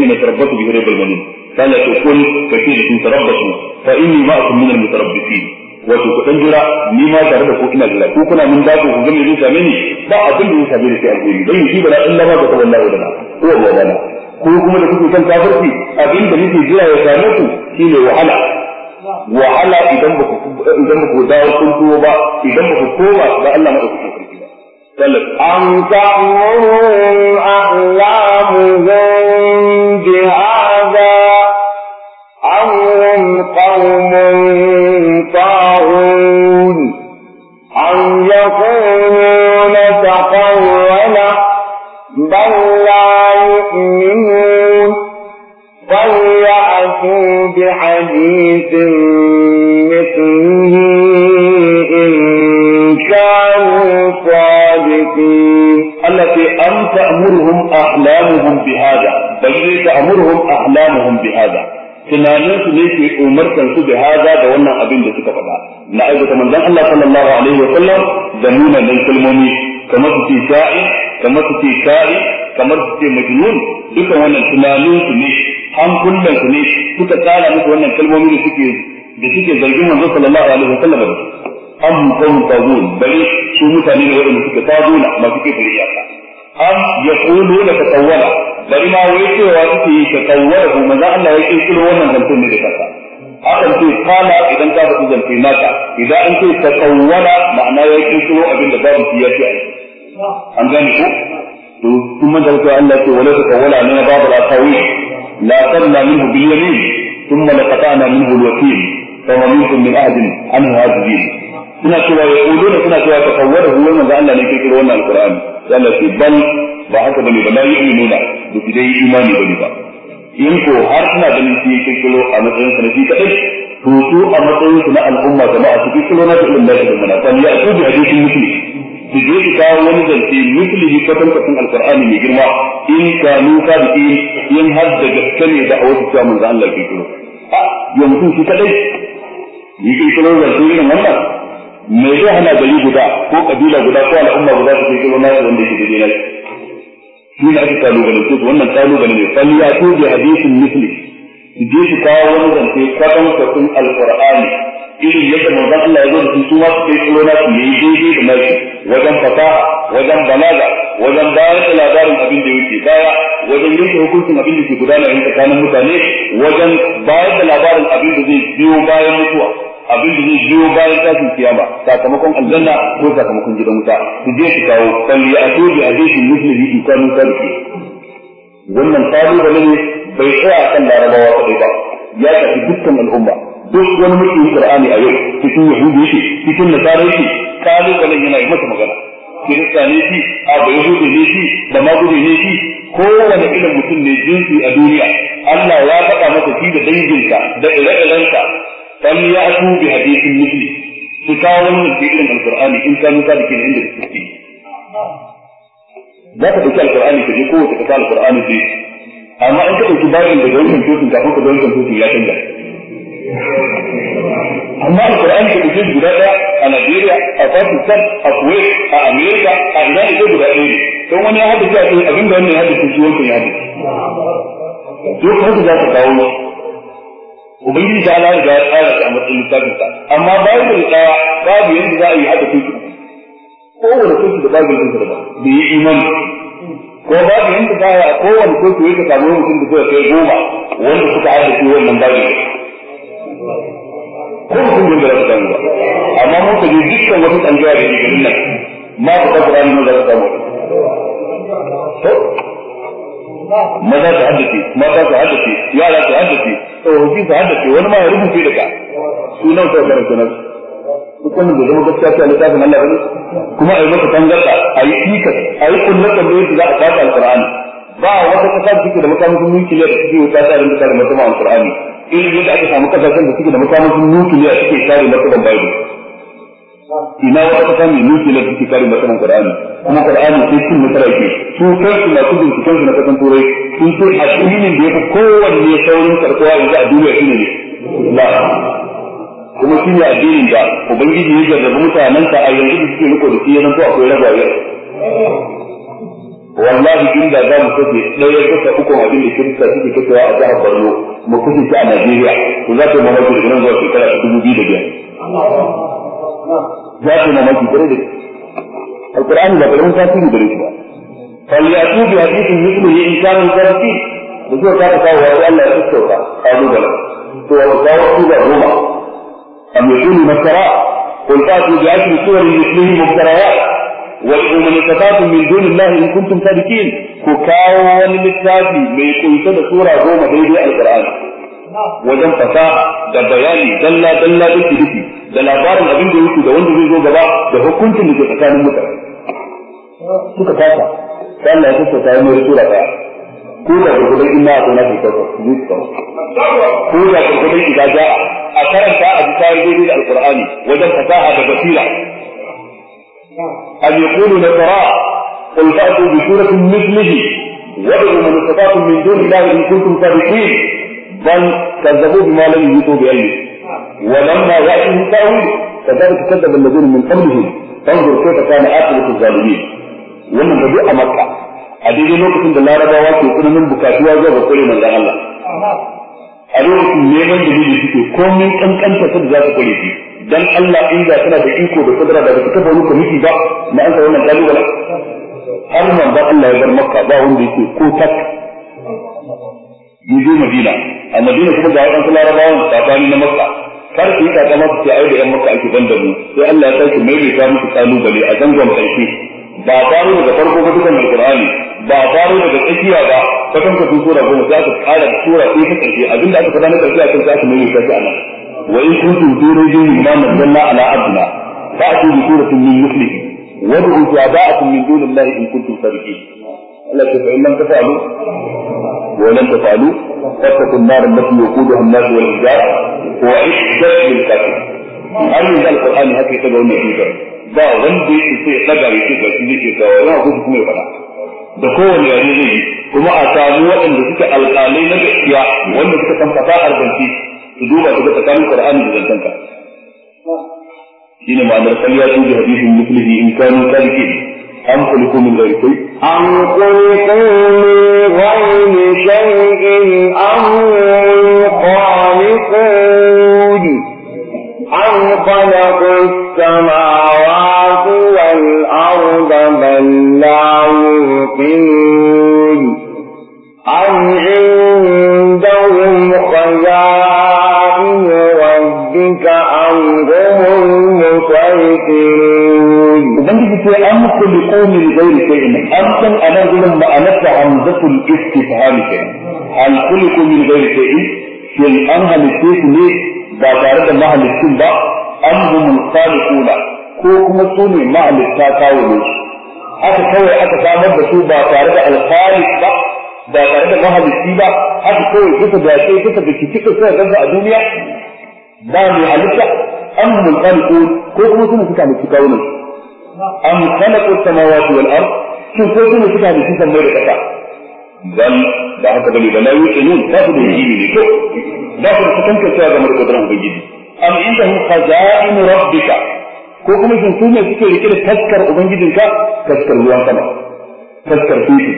S1: نتربص به ريب المنون قال تقول كثير تربصوا فإني معكم من المتربصين wato ku dan jira ni ma tare da ku ina jira ku kuna mun dako ku gani zai same ni ba abin da zai same ni alheri dan shi bala illa ka wallahi da na ko wallahi ko kuma da kuke kan kafirci abin da nake jira ya same ku shine wahala wahala idan ba ku idan ba ku dawo kun tuwo ba
S3: idan ba ku koma ba Allah ma ku sarki ba أم تأمرهم قوم طاغون أم يقولون تقول بل لا يؤمنون فليأتوا بحديث مثله إن كانوا صادقين التي أم
S1: تأمرهم أحلامهم بهذا بل تأمرهم أحلامهم بهذا tunanin su ne ke umartan su da haza da wannan abin da suka faɗa na aikata manzon Allah sallallahu alaihi wa sallam da nuna nan kalmomi kamar su ce sha'i kamar su ce sha'i kamar su ce majnun dukan wannan tunanin su ne hankulan su ne suka tsara musu wannan kalmomi da suke da suke zargin manzon sallallahu alaihi wa sallam am qawm tazun bari su mutane ne wanda suke tazuna ba suke firiya am yaquluna tatawwala bari ma wai cewa suke yi ta kawwara kuma za Allah ya kirkiro wannan zancen ne da kansa akan ce kala idan ka faɗi zance naka idan an ce ta kawwara ma'ana ya kirkiro abin da babu shi ya ce an gane ko to kuma da Allah ce wala ta kawwara ne babu la tawi la sanna minhu bil yamin ثم لقطعنا منه الوكيل فما منكم من أحد عنه عاجزين suna cewa ya ƙudu suna cewa ta kawwara huwa manzo Allah ne kirkiro wannan alqur'ani Allah ce bal ba haka bane ba la yu'minuna ba su dai imani ba ne ba in ko har suna ganin su yi kirkiro a matsayin sa na shi kaɗai to su a matsayin su na al'umma jama'a su kirkiro na su ilimin lafiya da munafa ya ko bi hadisin musulmi su je su kawo wani zance musulmi kwatankwacin alkur'ani mai girma in da ke in har da gaske ne da a wasu cewa manzo Allah kirkiro a yanzu shi kaɗai yi kirkiro zance irin wannan mai zai hana gari guda ko kabila guda ko al'umma guda su kirkiro na su wanda yake daidai na shi ne aka kalubale su wannan kalubale ne fal ya ku bi hadisin misli je su kawo wani zance kwatan kwatan alqur'ani irin yadda manzon Allah ya zo da su ma su kai tsoro na su yayi daidai da nashi wajen fasaha wajen balaga wajen bayar da labarin abin da yake baya wajen yanke hukuncin abin da ke gudana a tsakanin mutane wajen bayar da labarin abin da zai biyo bayan mutuwa abin da zai biyo bayan tashin kiyama sakamakon aljanna ko sakamakon gidan wuta su je su kawo kalli a to bi hadisin muslihi in kanu sarki wannan kalubale ne bai tsaya kan larabawa kadai ba ya tafi dukkan al'umma duk wani mutum qur'ani a yau cikin yahudi shi cikin nasara shi kalubalen yana yi masa magana kirista ne shi a bai hudu ne shi da magudu ne shi kowane irin mutum ne jinsi a duniya Allah ya faɗa masa shi da danginka da ire-irensa فلم يأتوا بحديث مثلي كتاب في علم القرآن إن كانوا سابقين عند الكتاب لا تبكي القرآن في قوة كتاب القرآن في أما أنت أتباعي أن تدعوك أن تدعوك أن تدعوك أن تدعوك أن تدعوك يا تنجح أما القرآن في قوة بلاد أنجيريا أفاكستان أكويت أمريكا أغنان كتاب القرآن ثم من يحب الجاسي أبين بأن يحب الكتاب يحب
S2: الكتاب يحب الكتاب يحب الكتاب
S1: ubangiji ta Allah ya tsara shi a matsayin littafin sa amma bayan da tsaya babu yadda za a yi haka tuki kowane tuki da babu yadda da ba bai yi imani ko babu yadda za a kowane tuki yake samu mutum da kai goma wanda suka haɗa shi wannan babu
S2: ko mutum da ba su samu ba amma mun ka je dukkan wata tsangiya da ke nan ma ku ta Qur'ani mun za su samu to
S1: maza su haddace mata su haddace yara su haddace tsofaffi su haddace wani ma ya rubuce da ka
S2: su nan sai karanta sunan
S1: su wannan da zama gaskiya ta littafin Allah bane kuma a yi maka tangarda a yi tikas a yi kullata da yake za a kasa alqur'ani ba wata kasa da take da makamin nukiliya da take ta tsarin da ta da makamin alqur'ani ilimin da aka samu kasashen da suke da makamin nukiliya suke kare makamin bible ina wata kasa mai nufi da take kare matsalan Qur'ani kuma Qur'ani sai sun nasara ke su kansu masu binciken su na kasan turai sun ce a shirinin da fi kowanne saurin karkuwa yanzu a duniya shi ne kuma shi ne addinin da ubangiji ya jarrabu mutanensa a yanzu da suke riko da shi ya zanto akwai yau wallahi da za mu kace ɗaya kasa uku abin da kirista suke kacewa a jihar Borno mu kace ta a Najeriya ku za ta mamaki da nan zuwa shekara ta dubu biyu da
S2: biyar
S1: za ku na maki gare da alkur'ani ba karamin tasiri gare shi ba falyatu bi hadithin mithlihi in kana zarfi da zuwa ta kawo wa Allah ya tsauka kawo da to wa kawo ku da goma am yakunu masara qul fatu bi ashri suwarin mithlihi mubtarayat وادعوا من استطعتم من دون الله ان كنتم صادقين كاو وللكتاب ما يكون سوره غوما بيدي القران wajen fasaha da bayani dalla dalla da kirki da labarin abin da yake da wanda zai zo gaba da hukuncin da ke tsakanin mutane suka kasa sai Allah ya tsaya ta mai sura daya ko da gudun inna a tana ta kasa yusufa
S2: ko da gudun
S1: idaja a karanta a bisa daidai da alqur'ani wajen fasaha da basira an yaqulu la tara qul fa'tu bi suratin mithlihi wa ادعوا من استطعتم من دون الله ان كنتم صادقين بل كذبوا بما لم يحيطوا بعلمه ولما يأتهم تأويل كذلك كذب الذين من قبلهم انظر كيف كان عاقبة الظالمين wannan da duk a makka a daidai lokacin da larabawa ke tsananin bukatuwa zuwa ga kure manzon Allah a lokacin neman da yake suke komai kankanta ta da za su kure dan Allah in za tana da iko da kudura da ta kafa muku miki ba na an wannan kalubalen
S2: har manzon Allah ya makka
S1: ba wanda ko tak yuzo madina a madina kuma ga wadansu larabawan tsakanin na makka kar su yi kakama su ce ai da yan makka ake ban da mu sai Allah ya sake ta musu kalubale a zangon ƙarshe ba faro daga farko ba dukan alqur'ani ba faro daga tsakiya ba ta kanka su sura goma za su ƙara sura ɗaya ta ƙarshe abinda aka faɗa na ƙarshe a kan za ka maimaita shi a nan wa in kuntum fi rajulin ma nazzalna ala abdina fa'tu bi suratin min mithlihi wad'u shuhada'akum min dunillahi in kuntum sadiqin Allah ya fa'in lam tafalu wa lam tafalu fattaqun nar allati yuquduha an-nas wal hijar wa iddat lil kafir yi ba wanda yake sai ya daga yake ga shi yake ga wannan ko kuma ya faɗa. da kowane yare zai yi kuma a samu waɗanda suke alƙalai na gaskiya wanda suka san fasahar zance su duba su ga tsakanin Qur'ani da zancenka shine ma'anar kalliya su
S3: da hadisin mislihi in kanu salikin an kulikum min ghairi أم خلقوا من غير شيء أم خالقون أم خلقوا السماوات والأرض بل لا يوقنون أم عندهم خزائن ربك أم هم المسيطرون ubangiji ce an kuliko min sai shay'in an san anan gurin ma'anarsa
S1: hamzatul istifham ke an kuliko min gairi shay'in shin an halitte su ne ba tare da mahalicin ba an humul khaliquna ko kuma su ne mahalitta kawo ne
S2: aka kawai aka samar da su ba tare da alkhaliq ba ba tare da mahalicci ba haka kawai suka
S1: dace suka da kici suka gansa a duniya ba mai halitta an humul khaliqun ko kuma su ne suka halitta kawo ne am khalaqa as-samawati wal ard shin ko kuma suka halitta sammai da kasa dan da haka bane da layu ke nun ba su da yi ne da ba su da tantancewa game da kudurin ubangiji am indahum khaza'in rabbika ko kuma shin su ne suke rike da taskar ubangijinka taskar ruwan sama taskar tushi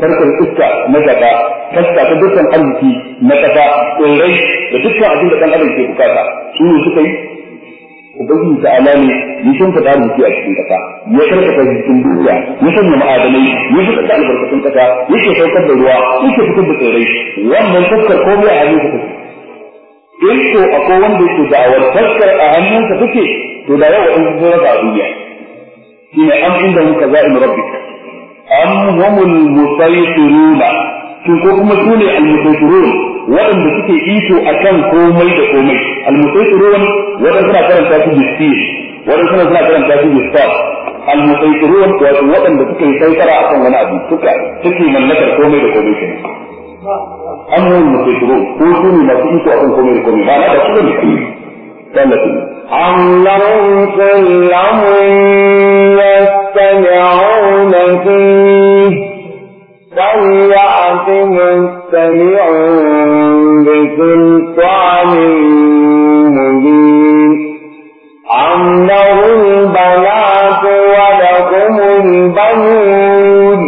S1: taskar iska na gaba taska ta dukkan arziki na kasa tsirrai da dukkan abin da dan adam ke bukata su ne suka yi ubangiji ta alani ya shimfa da a cikin kasa ya karkata cikin duniya ya sanya ma'adanai ya shi kasa albarkatun kasa ya ke saukar da ruwa ya ke fitar da tsirrai wannan fuskar komai a hannunsa take in ko akwai wanda yake da'awar fuskar a hannunsa take to da yawa in sun rasa a duniya shi ne an inda muka za'in rabbika am humul musaytiruna shin ko kuma su al-musaytirun waɗanda suke iso a kan komai da komai al-musaytirun suna karanta su bisir waɗanda suna suna karanta su bisir al wato waɗanda suke saukara a kan wani abu suka suke mallakar komai da komai kenan amma al-musaytirun ko su ne masu iso a kan komai da
S3: komai ba na da su ne sallallahu أم لهم سلم fi فيه فليأت مستمعون سلطان مبين أم لهم البنات ولكم البنون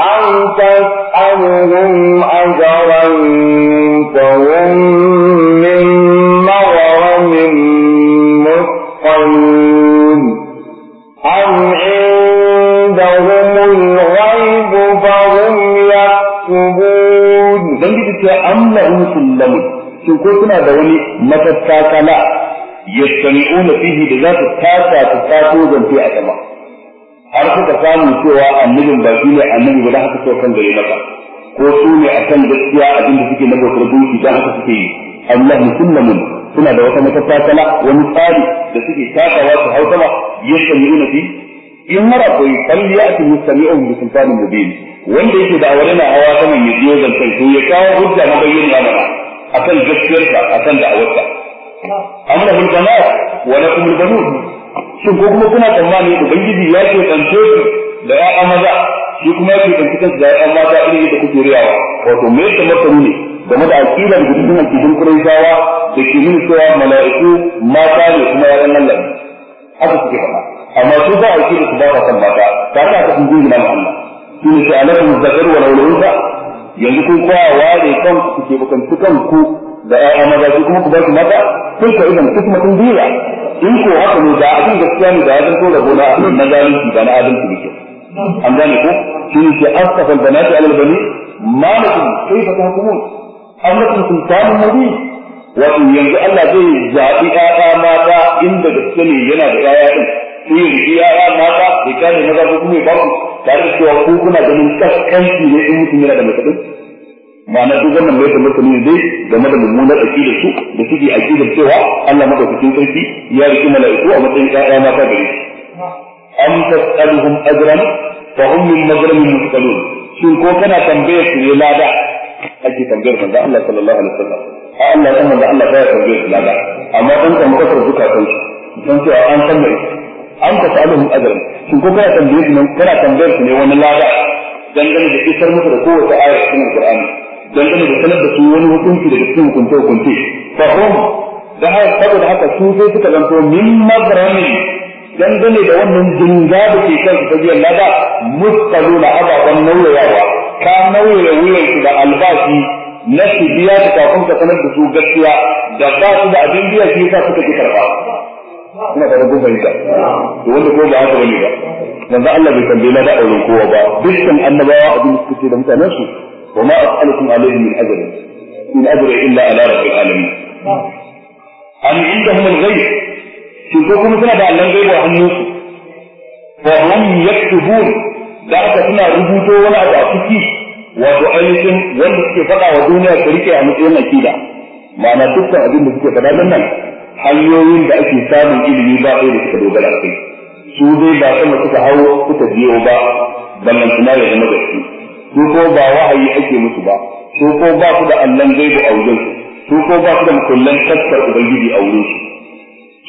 S3: أم تسألهم أجرا am lahum sullamun shin
S1: ko suna da wani matattakala na fihi da za su tasa su taso zance a sama har suka samu cewa annabin ba shi ne annabi ba da haka so kan gare maka ko su ne a kan gaskiya abin da suke na bautar gunki da haka suke yi Allah musallamun suna da wata matattakala wani tsari da suke tasawa su hau sama yastami'una fihi in mara koyi falliya su mustami'un bi sultanin mubin wanda yake da wani na hawa saman ya biyo zancen to ya kawo hujja na bayyana mana akan gaskiyarsa kan da'awarsa amma hul jamaa wa na kuma banun shin ko kuma kuna tsammani ubangiji ya ce tsance su da ya'ya maza shi kuma ya ce tsance kansu da ya'ya mata irin yadda kuke riyawa wato me yake makaru ne game da aƙida da gudun aƙidun kuraishawa da ke nuna cewa mala'iku mata ne kuma ya nan lafi haka suke faɗa amma su ba aƙida su ba ka san mata ta ka kasan jingina na Allah shi ne sha'alakum zakar wa laulun sa yanzu kun kwa ware kanku kuke bukanci kanku da ƴaƴa maza shi kuma ku ba su mata sai ka idan kismatin biya in ko haka ne da abin gaskiya ne da ya zanto da gona na zalunci ba na adalci ne ke an gane ko shi ne ke askafa banati alal bani malakum kaifa tahkumun am lakum sultanun mubin wato yanzu Allah zai zaɓi ƴaƴa mata inda gaske ne yana da ƴaƴa ɗin ku yanzu yara mata da kyale maza ko kuma ba ku tare da cewa ko kuna ganin kaskanci ne in mutum yana da matsalin ma'ana duk wannan bai da mutum ne dai game da mummunar da su da suke aƙidar cewa Allah madaukakin sarki ya riki mala'iku a matsayin ƴaƴa mata gare shi am tasaluhum ajran fa hum min majramin mutqalun shin ko kana tambayar su ne lada ake tambayar manzo Allah sallallahu alaihi wasallam
S2: a Allah dan manzo Allah ya
S1: tambayar lada amma dan kan kasar zukatan su dan cewa an san mai an ka sa'aluhu ajran shin ko kana tambaye su kana tambayar su ne wani lada dangane da isar musu da kowace ayar cikin alqur'ani dangane da sanar da su wani hukunci daga cikin hukunce hukunce fa hum da haka saboda haka su sai suka zanto min magramin dangane da wannan jinga da ke kansu ta biyan lada muskaluna ababen nauyayawa ka nauyaya wuyansu da albashi na su biya ta kafin ka sanar da su gaskiya da ba su da abin biya shi yasa suka ki karba ina da rubu bai da wanda ko ba haka bane ba manzo Allah bai tambaye na da auren kowa ba dukkan annabawa abin da suke da mutanen su wa ma as'alukum alayhi min ajr in ajra illa ala rabbil alamin am indahum al-ghayb shi ko kuma suna da Allah gaibu a hannun su fa hum yaktubun da aka suna rubuto wani abu a ciki wato ainihin wanda suke faɗa wa duniya su rike a matsayin akida ma'ana dukkan abin da suke faɗa nan hanyoyin da ake samun ilimi ba sai da suka dogara kai su dai ba sama suka hawo suka biyo ba ballan kuma ya zama gaske su ko ba wahayi ake musu ba su ko ba su da allan gaibu da wajen su ko ba su da mukullan tattar ubangiji a wurin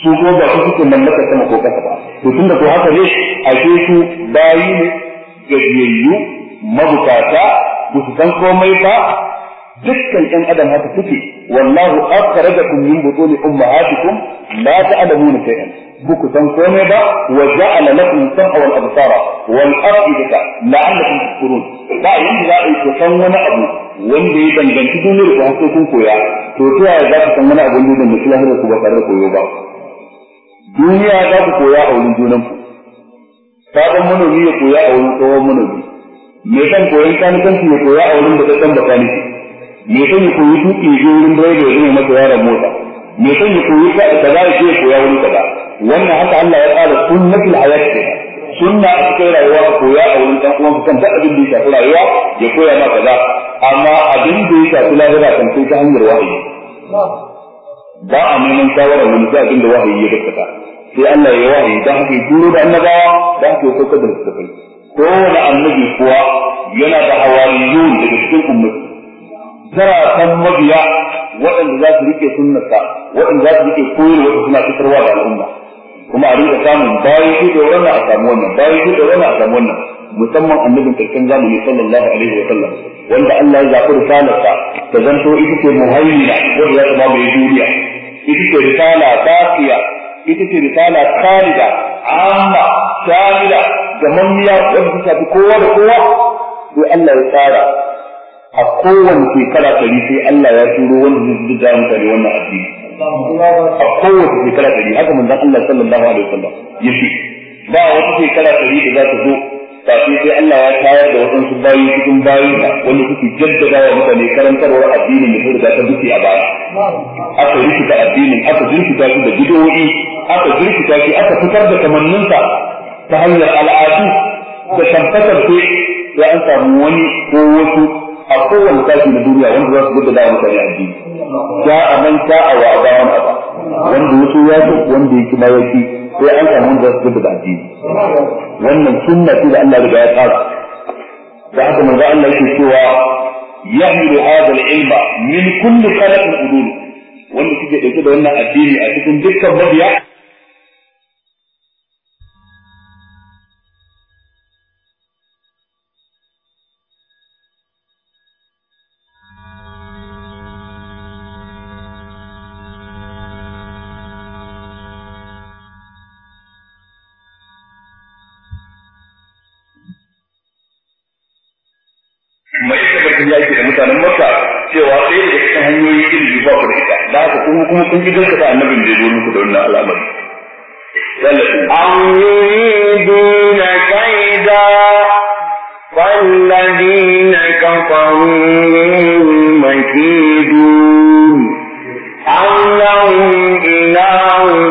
S1: su su ko ba su suke mallakar sama ko kasa ba to tunda ko haka ne a ce su bayi ne gajiyayyu mabukata ba san komai ba dukkan ƴan adam haka suke wallahu akhrajakum min butuni ummahatikum la ta'lamuna shay'an buku san komai ba wa ja'ala lakum sam'a wal absara wal afidata la'allakum tashkurun ba yin da ai ku san wani abu wanda ya danganci duniyar ku har kun koya to ta yaya za ku san wani abu ne da mutum lahira ku ba tare koyo ba duniya za ku koya a wurin junanku sabon manomi ya koya a wurin tsohon manomi Me san koyon kanikanci ya koya a wurin da ta san bakaniki me san ya koyi tuki ya je wurin direba ya zama masa yaron mota me san ya koyi kaza ya ce ya koya wurin kaza wannan haka Allah ya tsara sunnatul hayat kenan sunna a cikin rayuwa ka koya a wurin dan uwanka kan duk abin da ya shafi rayuwa ya koya ma kaza amma abin da ya shafi lahira kan sai ta hanyar wahayi ba a neman shawara wani sai abin da wahayi ya gaskata sai Allah ya wahayi dan haka ya turo da annabawa dan haka ya saukar da littafai kowane annabi kuwa yana da hawariyun daga cikin ummati zaratan mabiya waɗanda za su riƙe sunnarsa waɗanda za su riƙe koyarwa suna fitarwa da al'umma kuma a rika samun bayan shi da wannan a samu wannan bayan shi da wannan a samu wannan musamman annabin karshen zamani sallallahu alaihi wa sallam wanda Allah ya zaɓi risalarsa ta zanto ita ce muhayyina wanda za ta mai duniya ita ce risala baqiya ita ce risala khalida amma shamila ga mamiya wanda ta tafi kowa da kowa sai Allah ya tsara a kowane shekara ɗari sai Allah ya turo wanda zai ji da mutane wannan addini a kowace shekara ɗari haka manzon Allah sallallahu alaihi wasallam ya ce ba wata shekara ɗari da za ta zo kafin sai Allah ya tayar da waɗansu bayi cikin bayi wanda suke jaddada wa mutane karantarwar addinin da riga ta duke a baya aka rikita addinin aka jirkita shi da bidowi aka jirkita shi aka fitar da kamanninsa ta hanyar al'adu da tabbatar sai an samu wani ko wasu a kowane sashi na duniya wanda za su jaddada wa mutane addini ja a man sha a wa ba man aba wanda ya so ya so wanda ya kima ya ki sai an samu wanda za su jaddada addini wannan sunna ce da Allah riga ya tsara da haka manzo Allah yake cewa yahmilu hadha al-ilma min kulli khalaqin udul
S3: wanda suke dauke da wannan addini a cikin dukkan mabiya
S2: mai tabbatin yake da mutanen makka cewa ɗaya daga cikin hanyoyin ilimi ba ku da ita da
S1: haka kuma kuma kun ji gaskata annabin da ya zo muku da wannan al'amari
S3: أم يريدون كيدا والذين كفروا مكيدون أم لهم إله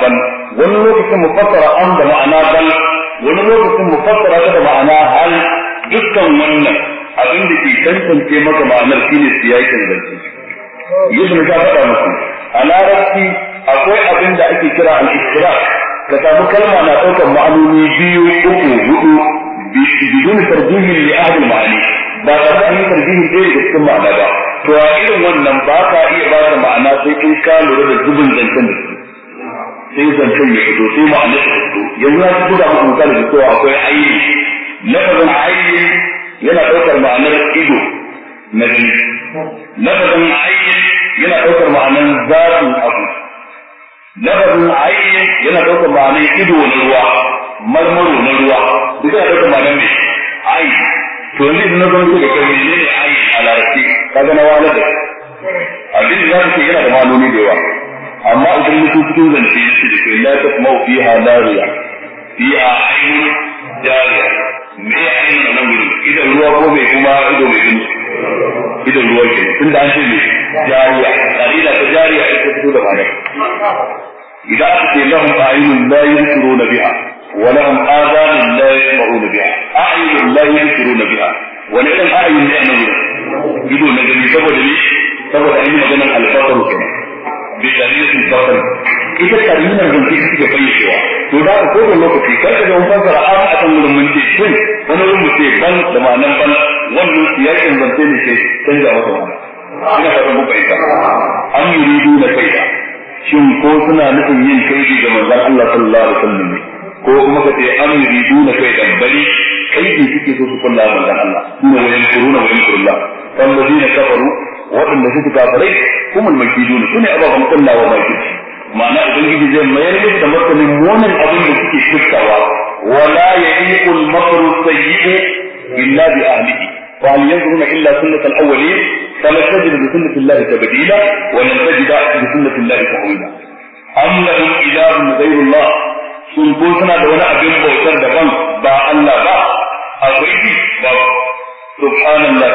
S3: bal
S1: wani lokacin mu fassara an da ma'ana bal wani lokacin mu fassara ta da ma'ana hal dukkan wannan abin da ke tantance maka ma'anar shine siyakin zance yusuf ya faɗa muku a larabci akwai abin da ake kira al-istira ka samu kalma na ɗaukar ma'anoni biyu uku hudu bidun tarjihin li ahli ma'ani ba tare da an yi tarjihin ɗaya daga cikin ma'ana ba to a irin wannan ba ka iya ba da ma'ana sai in ka lura da zubin zancen da sai zancen ya fito sai ma'ana ta fito yanzu na su buga muku misali da cewa akwai aini lafazin aini yana ɗaukar ma'anar ido na ji lafazin aini yana ɗaukar ma'anar zafin abu lafazin aini yana ɗaukar ma'anar ido na ruwa marmaro na ruwa duka yana ɗaukar ma'anar mai
S2: aini to yanzu
S1: na na ku da kai ne ne aini a larabci kaga na wani da abin da za ce yana da malumi da yawa amma idan mutu cikin zance ya ce da kai la tasma'u dariya. lariya fiha ainun dariya. me ya ainihin nan gudu idan ruwa ko mai kuma ido mai idan ruwa ke da an ce ne dariya. dalila ta jariya ita fito da bayan إذا أتي لهم أعين لا ينكرون بها ولهم آذان لا يسمعون بها أعين لا ينكرون بها ولكن أعين لا ينظرون يدون نجمي سبب لي سبب أعين مجنن البصر كمان da karinatul basari ita karinar zance shi ke fayyacewa to da ka kowane lokaci kar ka ga mun a kan wurin mun ce kun wani wurin mu ce ban da ma'anan ban wannan siyakin zance ne ke canza masa wani ina fatan mun fahimta an yuridu na kaida shin ko suna nufin yin kaidi ga manzon Allah sallallahu alaihi wasallam ne ko kuma ka ce an yuridu na kaidan bari kaidi suke so su kulla manzon Allah kuma wayan kuruna wayan kulla kan da kafaru waɗanda suke kafirai kuma makiduna sune ababan kullawa makidi ma'ana ubangiji zai mayar musu da martanin munin abin da suke fuskawa wala yahiqul makru sayyi'u illa bi ahlihi وهل ينظرون الا سنه الاولين فلن تجد لسنه الله تبديلا ولن تجد لسنه الله تحويلا ام لهم اله غير الله sun ko suna da wani abin bautar daban ba Allah ba akwai shi ba subhanallah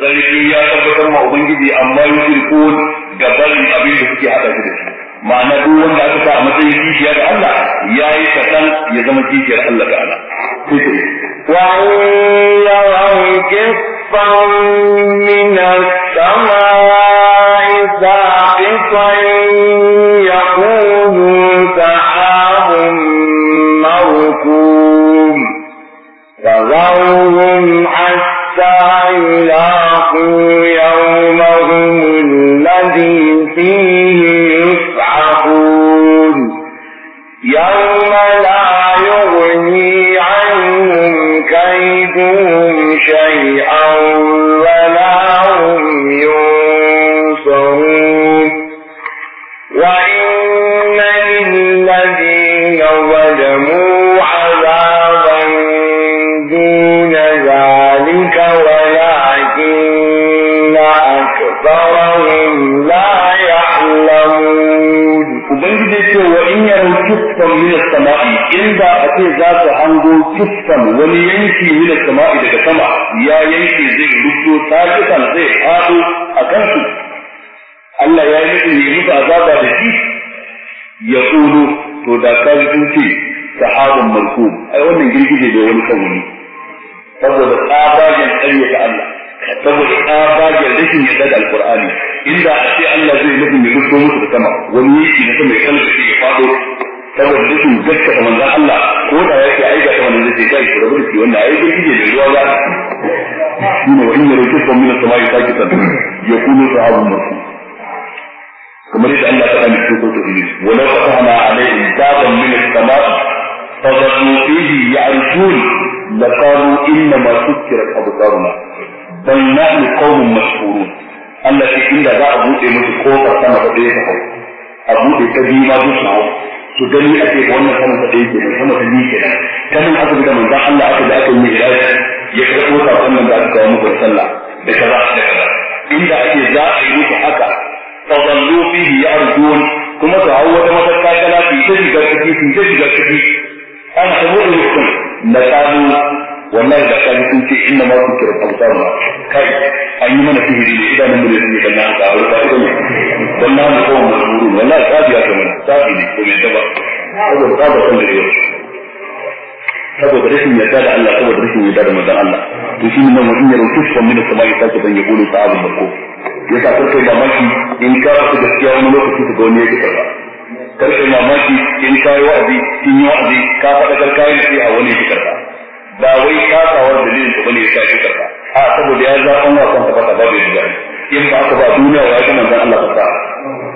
S1: sarki ya tabbatar ma ubangiji amma yushrikun da barin abin da suke hada shi da shi ma'ana duk wanda aka sa a matsayin kishiya da Allah
S3: ya yi kaɗan ya zama kishiyar Allah da Allah. وَإِنَّ كِسْفًا مِنَ السَّمَاءِ سَاقِطًا يَقُولُ سَحَابٌ مَّرْكُومٌ فَذَرْهُمْ ويلاقوا يومهم الذي فيه يسعقون يوم لا يغني عنهم كيدهم شيئا ولا هم ينصرون وإن للذين ظلموا ubangiji ce wa in yaro kiftan
S1: min sama'i inda a ce za su hango kiftan wani yanki min sama'i daga sama ya yanki zai rubuto takitan zai fado a kansu Allah ya yi musu ne musu azaba da shi ya tsoro to da ka ji sun sahabun marko ai wannan girgije da wani kan wani saboda tsabagen saboda tsabagen rashin yadda da alkur'ani inda a ce Allah zai nufin ya rufo musu da sama wani yake na sama ya kalmace ya fado saboda rashin gaskata manzan Allah ko da ya aika ta wannan zai kai da shi wanda ai dai kike da ruwa ba shi ne wani ne kuma min sama ya saki ta ya kuma sahabu musu kamar yadda Allah ta kama shi ko to ne wala fatahna alaihim baban min as-sama'i fa dhanu fihi ya'rifun laqalu inna ma sukkirat abqaruna بل نحن قوم مشهورون Allah ce inda za a buɗe musu kofar sama ta ɗaya ta hau a buɗe ta biyu ma duk hau su gani a ce wannan sama ta ɗaya kenan sama ta biyu kenan ta nan aka bi da manzon Allah aka da aka yi ilahi ya karɓo sakon nan da aka kawo muku sallah da kaza da kaza inda ake za a yi musu haka fadallu fihi ya'rudun kuma su hau wata matakka kana fi ta shiga ciki fi ta shiga ciki an samu da mutum na kalu wallahi da kaji sun ce inna ma su kira abusaruna kai an yi mana sihiri ne idanun mu ne sun yi kallon haka abu ta ita ne dan na mu kawai mazuru wallahi tsafi ya kamar tsafi ne ko mai daba saboda ba san da yau saboda rashin yarda da Allah saboda rashin yarda da manzon Allah to shi ne mun yi rutu ko min sama ya sake ban yabo ta abu bako yasa da maki in ka fita gaskiya wani lokaci ka ga wani yake karba karka mamaki in ka yi wa'azi in yi wa'azi ka faɗa karka yi a wani yake karba ba wai kasawar dalilin ta bane ya sa karba a saboda ya zaɓa wa kansa ba ta babu yadda in ba aka ba duniya ya ga manzon Allah ka sa.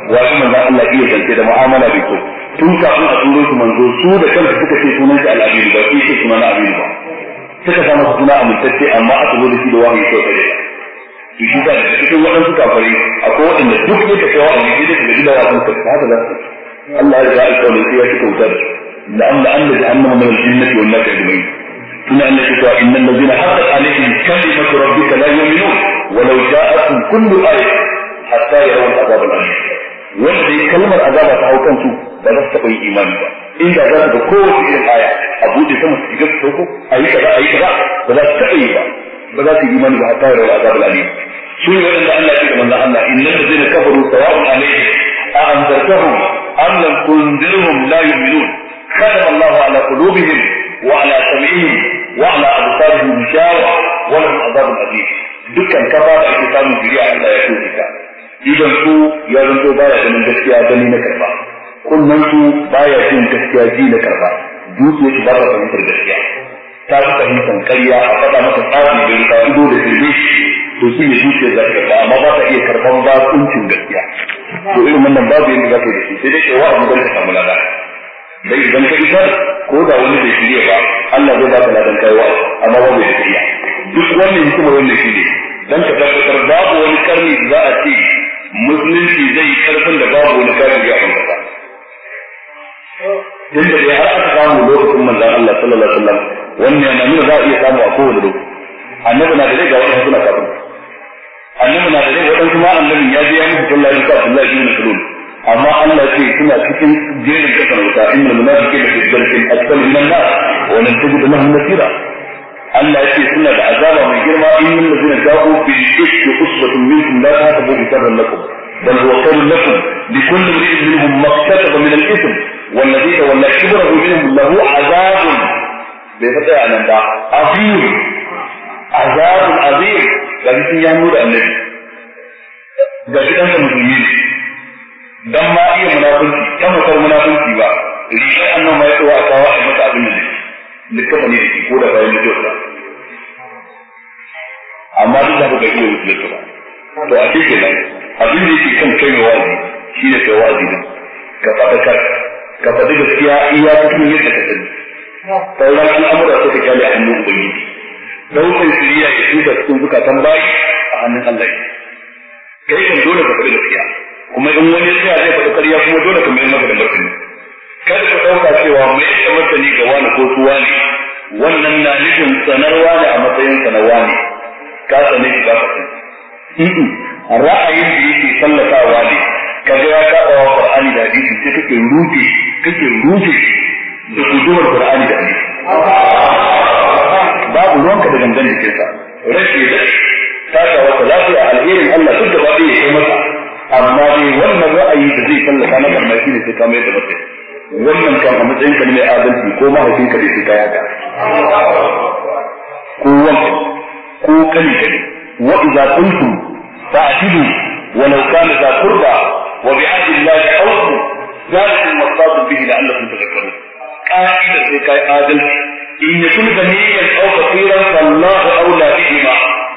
S1: ya ga manzon Allah iya zance da mu'amala bai kyau tun kafin a turo su manzo su da kansu suka ce sunan shi al'abiru ba su ce sunan al'abiru ba suka sa masa suna amintacce amma aka zo da shi da wahayi kyau ta to shi da cikin waɗansu kafare akwai waɗanda duk ne ta kawo a jiki da gida wa kansa haka za su Allah ya ga alƙawarin sai ya shi kauta da su la'alla an da jahannama min al-jinnati wan nar ajma'in ثم ان كتاب ان الذين حقق عليهم كلمة ربك لا يؤمنون ولو جاءتهم كل آية حتى يروا العذاب الأمين وحدي كلمة العذاب تعوكم سوء بلستقوا إيمان با. إن جاء ذات في إلى الآية أبو جي سمس تجد سوكو أي كذا أي كذا بلستقوا إيمان بلستقوا إيمان حتى يروا العذاب الأمين شو يقول أن لا تكمل لأن إن الذين كفروا سواء عليهم أعنذرتهم أم لم تنذرهم لا يؤمنون ختم الله على قلوبهم وعلى سمعهم وعلى أبصارهم غشاوة ولهم عذاب أليم dukkan kafa da ake samun jiriya Allah ya so ta idan su ya zanto baya ganin gaskiya gani na karba kunnan su baya jin gaskiya ji na karba dukiyar su ba ta gaskiya ta fi fahimtar karya a faɗa masa tsarin da ya ido da jirgi to shi ne dukiyar za ta karba amma ba iya ba gaskiya irin wannan babu yadda sai dai dai idan ka isar ko da wani bai shirya ba Allah zai baka ladan kaiwa amma ba bai shirya duk wannan hikima wannan shi ne dan ka tabbatar babu wani karni da za a ce musulunci zai karfin da babu wani karni ya kuma ba dan da ya har aka samu lokacin manzon Allah sallallahu alaihi wasallam wannan yana nuna za a iya samu a kowane lokaci annabi na da rai ga wannan suna kafin annabi na da rai wadansu ma annabin ya je ya mutu sallallahu alaihi wasallam Abdullahi ibn Mas'ud amma Allah ce suna cikin jerin kasar wuta inda munafiki da fitbarkin asfal min an-nar wa lan tajid lahum nasira Allah ya ce suna da azaba mai girma in min lazina ja'u fi shirki usbatun minkum la tahsabu sharran lakum بل هو خير لكم لكل امرئ منهم ما اكتسب من الاثم والذي تولى كبره منهم له عذاب بيفتح على عظيم عذاب عظيم لكن يا نور النبي ده كده مسلمين dan ma iya munafunci yan kar munafunci ba rishi annan mai ya tsawa a kawo a mata abin da ne littafa ne da ko da bayan da jota amma duk da kake yi wuce ba. to a cikin nan abin da yake kan kai wa'azi shi ne kai wa'azi din ka fada ka faɗi gaskiya iya cikin yadda ka sani sauran al'amura suka kyale a hannun ubangiji daukan shirya ya tuta cikin zukatan bayi a hannun Allah kai kan dole ka faɗi gaskiya kuma in wani ya tsaya zai faɗi ƙarya kuma dole ka mayar maka da martani Kar ka ɗauka cewa mai da martani ga wani ko su wani wannan na nufin sanarwa ne a matsayin sanarwa ne ka sane shi ba ka sani ra'ayin da yake sallatawa ne kaga ya saba wa Qur'ani da hadisi sai kake rufe kake rufe da kudumar Qur'ani da hadisi babu ruwanka da gangan sa. rashi da ta ta wata lafiya alherin Allah duk da ba ya kai masa amma dai wannan ra'ayi da zai tallata na karna shine sai kama mai mutum wannan kan a matsayin ka ne adalci ko mahaifin ka ne sai ka yaga ko wanka ko kani ka ne wa idza kuntum fa'tidu walau kana za qurba wa bi'ahdi llahi awfu ذلك المصاب به لعلكم تذكرون قاعدة زي كاي عادل إن يكن غنيا أو فقيرا فالله أولى بهما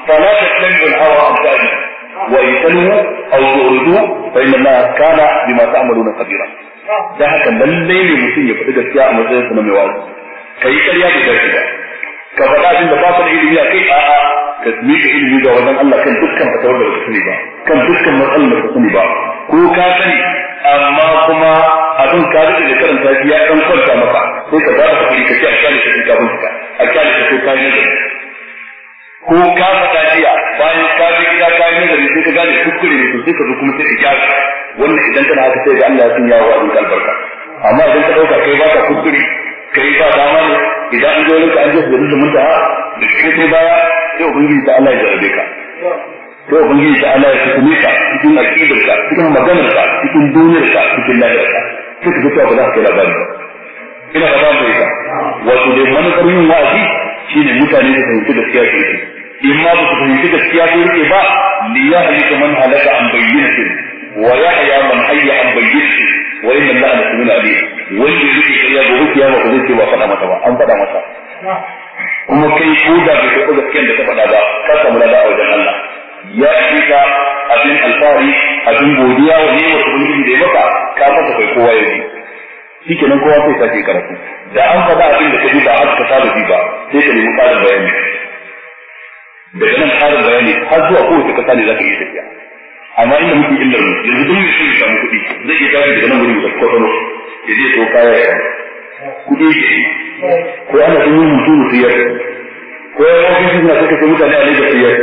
S1: فلا تتبعوا hawa عن ذلك وإن تلوه أو يعرضوه فإن الله كان بما تعملون خبيرا da haka lallai ne mutum ya faɗi gaskiya a matsayin sa na mai wa'azi kai ƙarya da gaskiya ba ka faɗa abin da ba ka da ilimi a kai a'a ka miƙa ilimi ga wajen Allah kan dukkan fatawar da ka sani ba kan dukkan matsalar da ka sani ba
S3: ko ka sani amma kuma
S1: abin ka rike da karanta shi ya ɗan kwanta maka sai ka ba ka kuɗi ka ce a kyale ka sun ka bincika a kyale ka so ka yi nazari ko ka faɗa jiya bayan ka je gida ka yi nazari sai ka gane kuskure ne to ka zo kuma sai ka gyara wannan idan kana haka sai ga Allah ya sanya wa abin albarka amma idan ka ɗauka kai ba ka kuskure kai ba dama ne idan an zo ka an je da mutum ta da kai sai baya sai ubangiji ta Allah ya jarabe ka sai ubangiji ta Allah ya tukume ka cikin aqidar ka cikin maganar ka cikin duniyar ka cikin lafiyar ka sai ka ga cewa ba za labari ba ina ba za mu yi ka wato dai manufar yin wa'azi shine mutane da fahimci gaskiya su rike in ma ba su fahimci da su rike ba li yahlika man halaka an bayyinati wa yahya man hayya an bayyinati wa inna allaha lasamina alim wanda yake kariya gobe kiyama ba zai ce ba faɗa mata ba an faɗa mata kuma kai ko da bai da gaskiyar da ta faɗa ba ka samu lada a wajen Allah ya fi ka abin alfahari abin godiya wa ne wa ubangiji da ya maka ka masa kai kowa ya shi kenan kowa sai sake karatu da an faɗa abin da ka ji ba a ka saba ba sai ka nemi ƙarin bayani daga nan ƙarin bayani har zuwa kowace ƙasa ne za ka iya tafiya amma inda muke illar mu yanzu duk mai shi samu kuɗi zai iya tashi daga nan wurin da kwakwalo ya je so kaya ya kuɗi ko ana ɗan yin mutum siyar ko ya yi ofishin na saka mutane a lagos siyar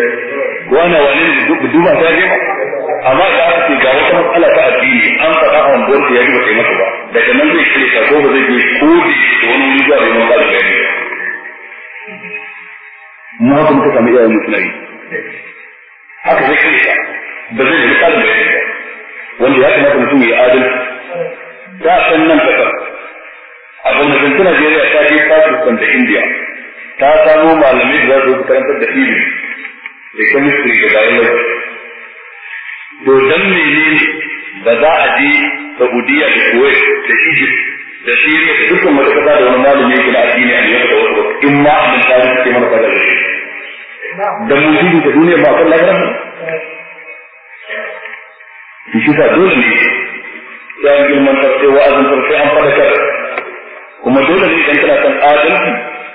S1: ko ana wani duba ta je ba amma da aka ce ga wata matsala ta addini an faɗa a wanda ya yi ba sai masa daga nan zai kare ka ko ba zai je ko da wani wuri ba da yawan ba da bayani mu haka muka sami iyayen mu suna haka zai kare ka ba zai yi misalin bayani ba
S2: wanda ya kamata mutum ya
S1: adalci Ta san nan kasar a gwamnatin Najeriya ta je ta da indiya. ta samo malamai da za su karantar da ilimi da chemistry da biology to dan menene ba za a je Saudiya da Kuwait
S2: da Egypt da Syria da dukkan
S1: wata da wani malami yake na addini a yau da wasu in ma a nan tare suke mana kada da
S2: da mu gudu da duniya ba kan lagara mu shi sa dole ne
S1: ya yi girman tarfe azin tarfe an fadakar kuma dole ne idan kana son adalci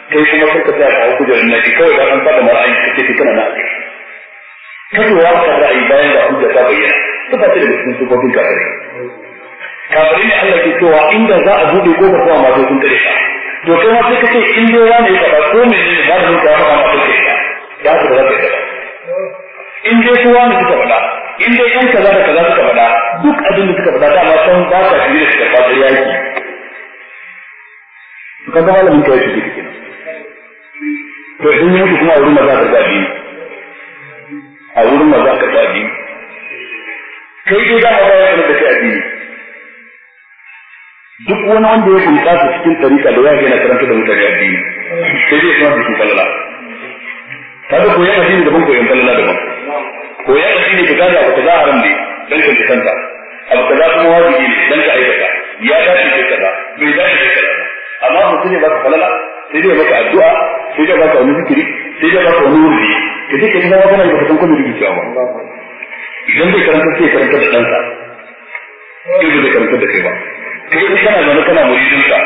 S1: kai kuma kanka sai ka hukujar na naki kawai da an faɗa mara'ayi kake kana na kasowa kan ra'ayi bayan da hujja ta bayyana suka ce daga cikin sufofin kafirai kafirai ne Allah ke cewa inda za a buɗe ko kuma ma sun kare ka to kai ma sai ka ce in dai wani ya faɗa ko me ne ba da ka faɗa ma sun kare ka ya ku da za ka yi
S2: in dai ko wani suka faɗa in dai yan kaza da kaza suka faɗa duk abin da suka faɗa dama san ba ka fiye da suka faɗa yaki
S1: kan zama malamin kawai shi kenan to idan ya mutu kuma a wurin maza da zaɓi a wurin ma za ka ta addini kai dai za a ga wani da ta addini duk wani wanda ya su cikin tarika da ya na karanta da mutane addini sai dai kuma bikin falala kada koyan addini daban koyan kalla daban koyan addini ka gane a kaza haram ne dan ka kanta abu za kuma wajibi ne dan ka aikata ya dace ka kaza bai dace ka kaza amma ba sai baka falala sai ya baka addu'a sai ya baka wani zikiri sai ya baka wani wuri ka ce kai zama kana da san kuma da cewa ba idan bai karanta sai karanta da ɗansa sai bai karanta da kai ba kai in kana zama kana muridin sa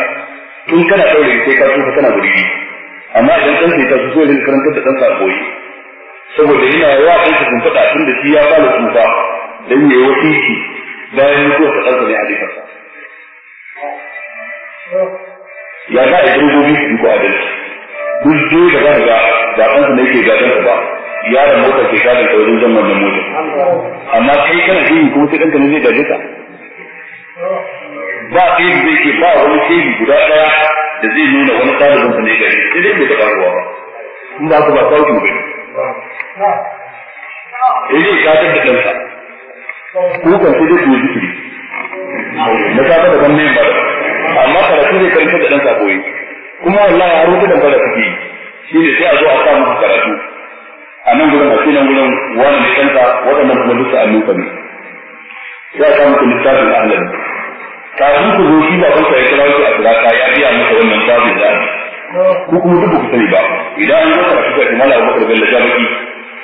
S1: tun kana daure sai ka tsufa kana muridi amma idan ɗansa ya taso sai ya karanta da ɗansa a koyi saboda yana yawa ɗansa sun faɗa tun da shi ya fara tsufa dan wasu wasiki bayan mutuwar sa ɗansa ne a jikarsa.
S2: ya za a direbobi
S1: su yi ko adalci duk je da za ga zaɓen su ne ke gaɗan su ba yaron mota ke gaɗan ta wajen zama da mota amma kai kana jini kuma sai ɗanka ne zai gaje ka ba ɗaya da zai ke ba wani shehi guda ɗaya da zai nuna wani ɗalibin sa ne gari sai dai bai taɓa ruwa ba in ba ku ba sauki ba.
S2: ya zai gaɗar da ɗansa ko kan sai dai su yi zikiri na ta da ban ne ba da amma karatu zai karanta da dan
S1: sako yi kuma wallahi har wata dambara suke yi shi ne sai a zo a sa masa karatu a nan gurin a cikin gurin wani ne kanka waɗannan kuma a nuka ne sai a sa masa littafin ahlan kafin ku zo shi ba ya kira shi a turaka ya biya masa wannan babin da ku kuma duk ku sani ba idan an zo karatu ka ji malamu bakar bello jabaki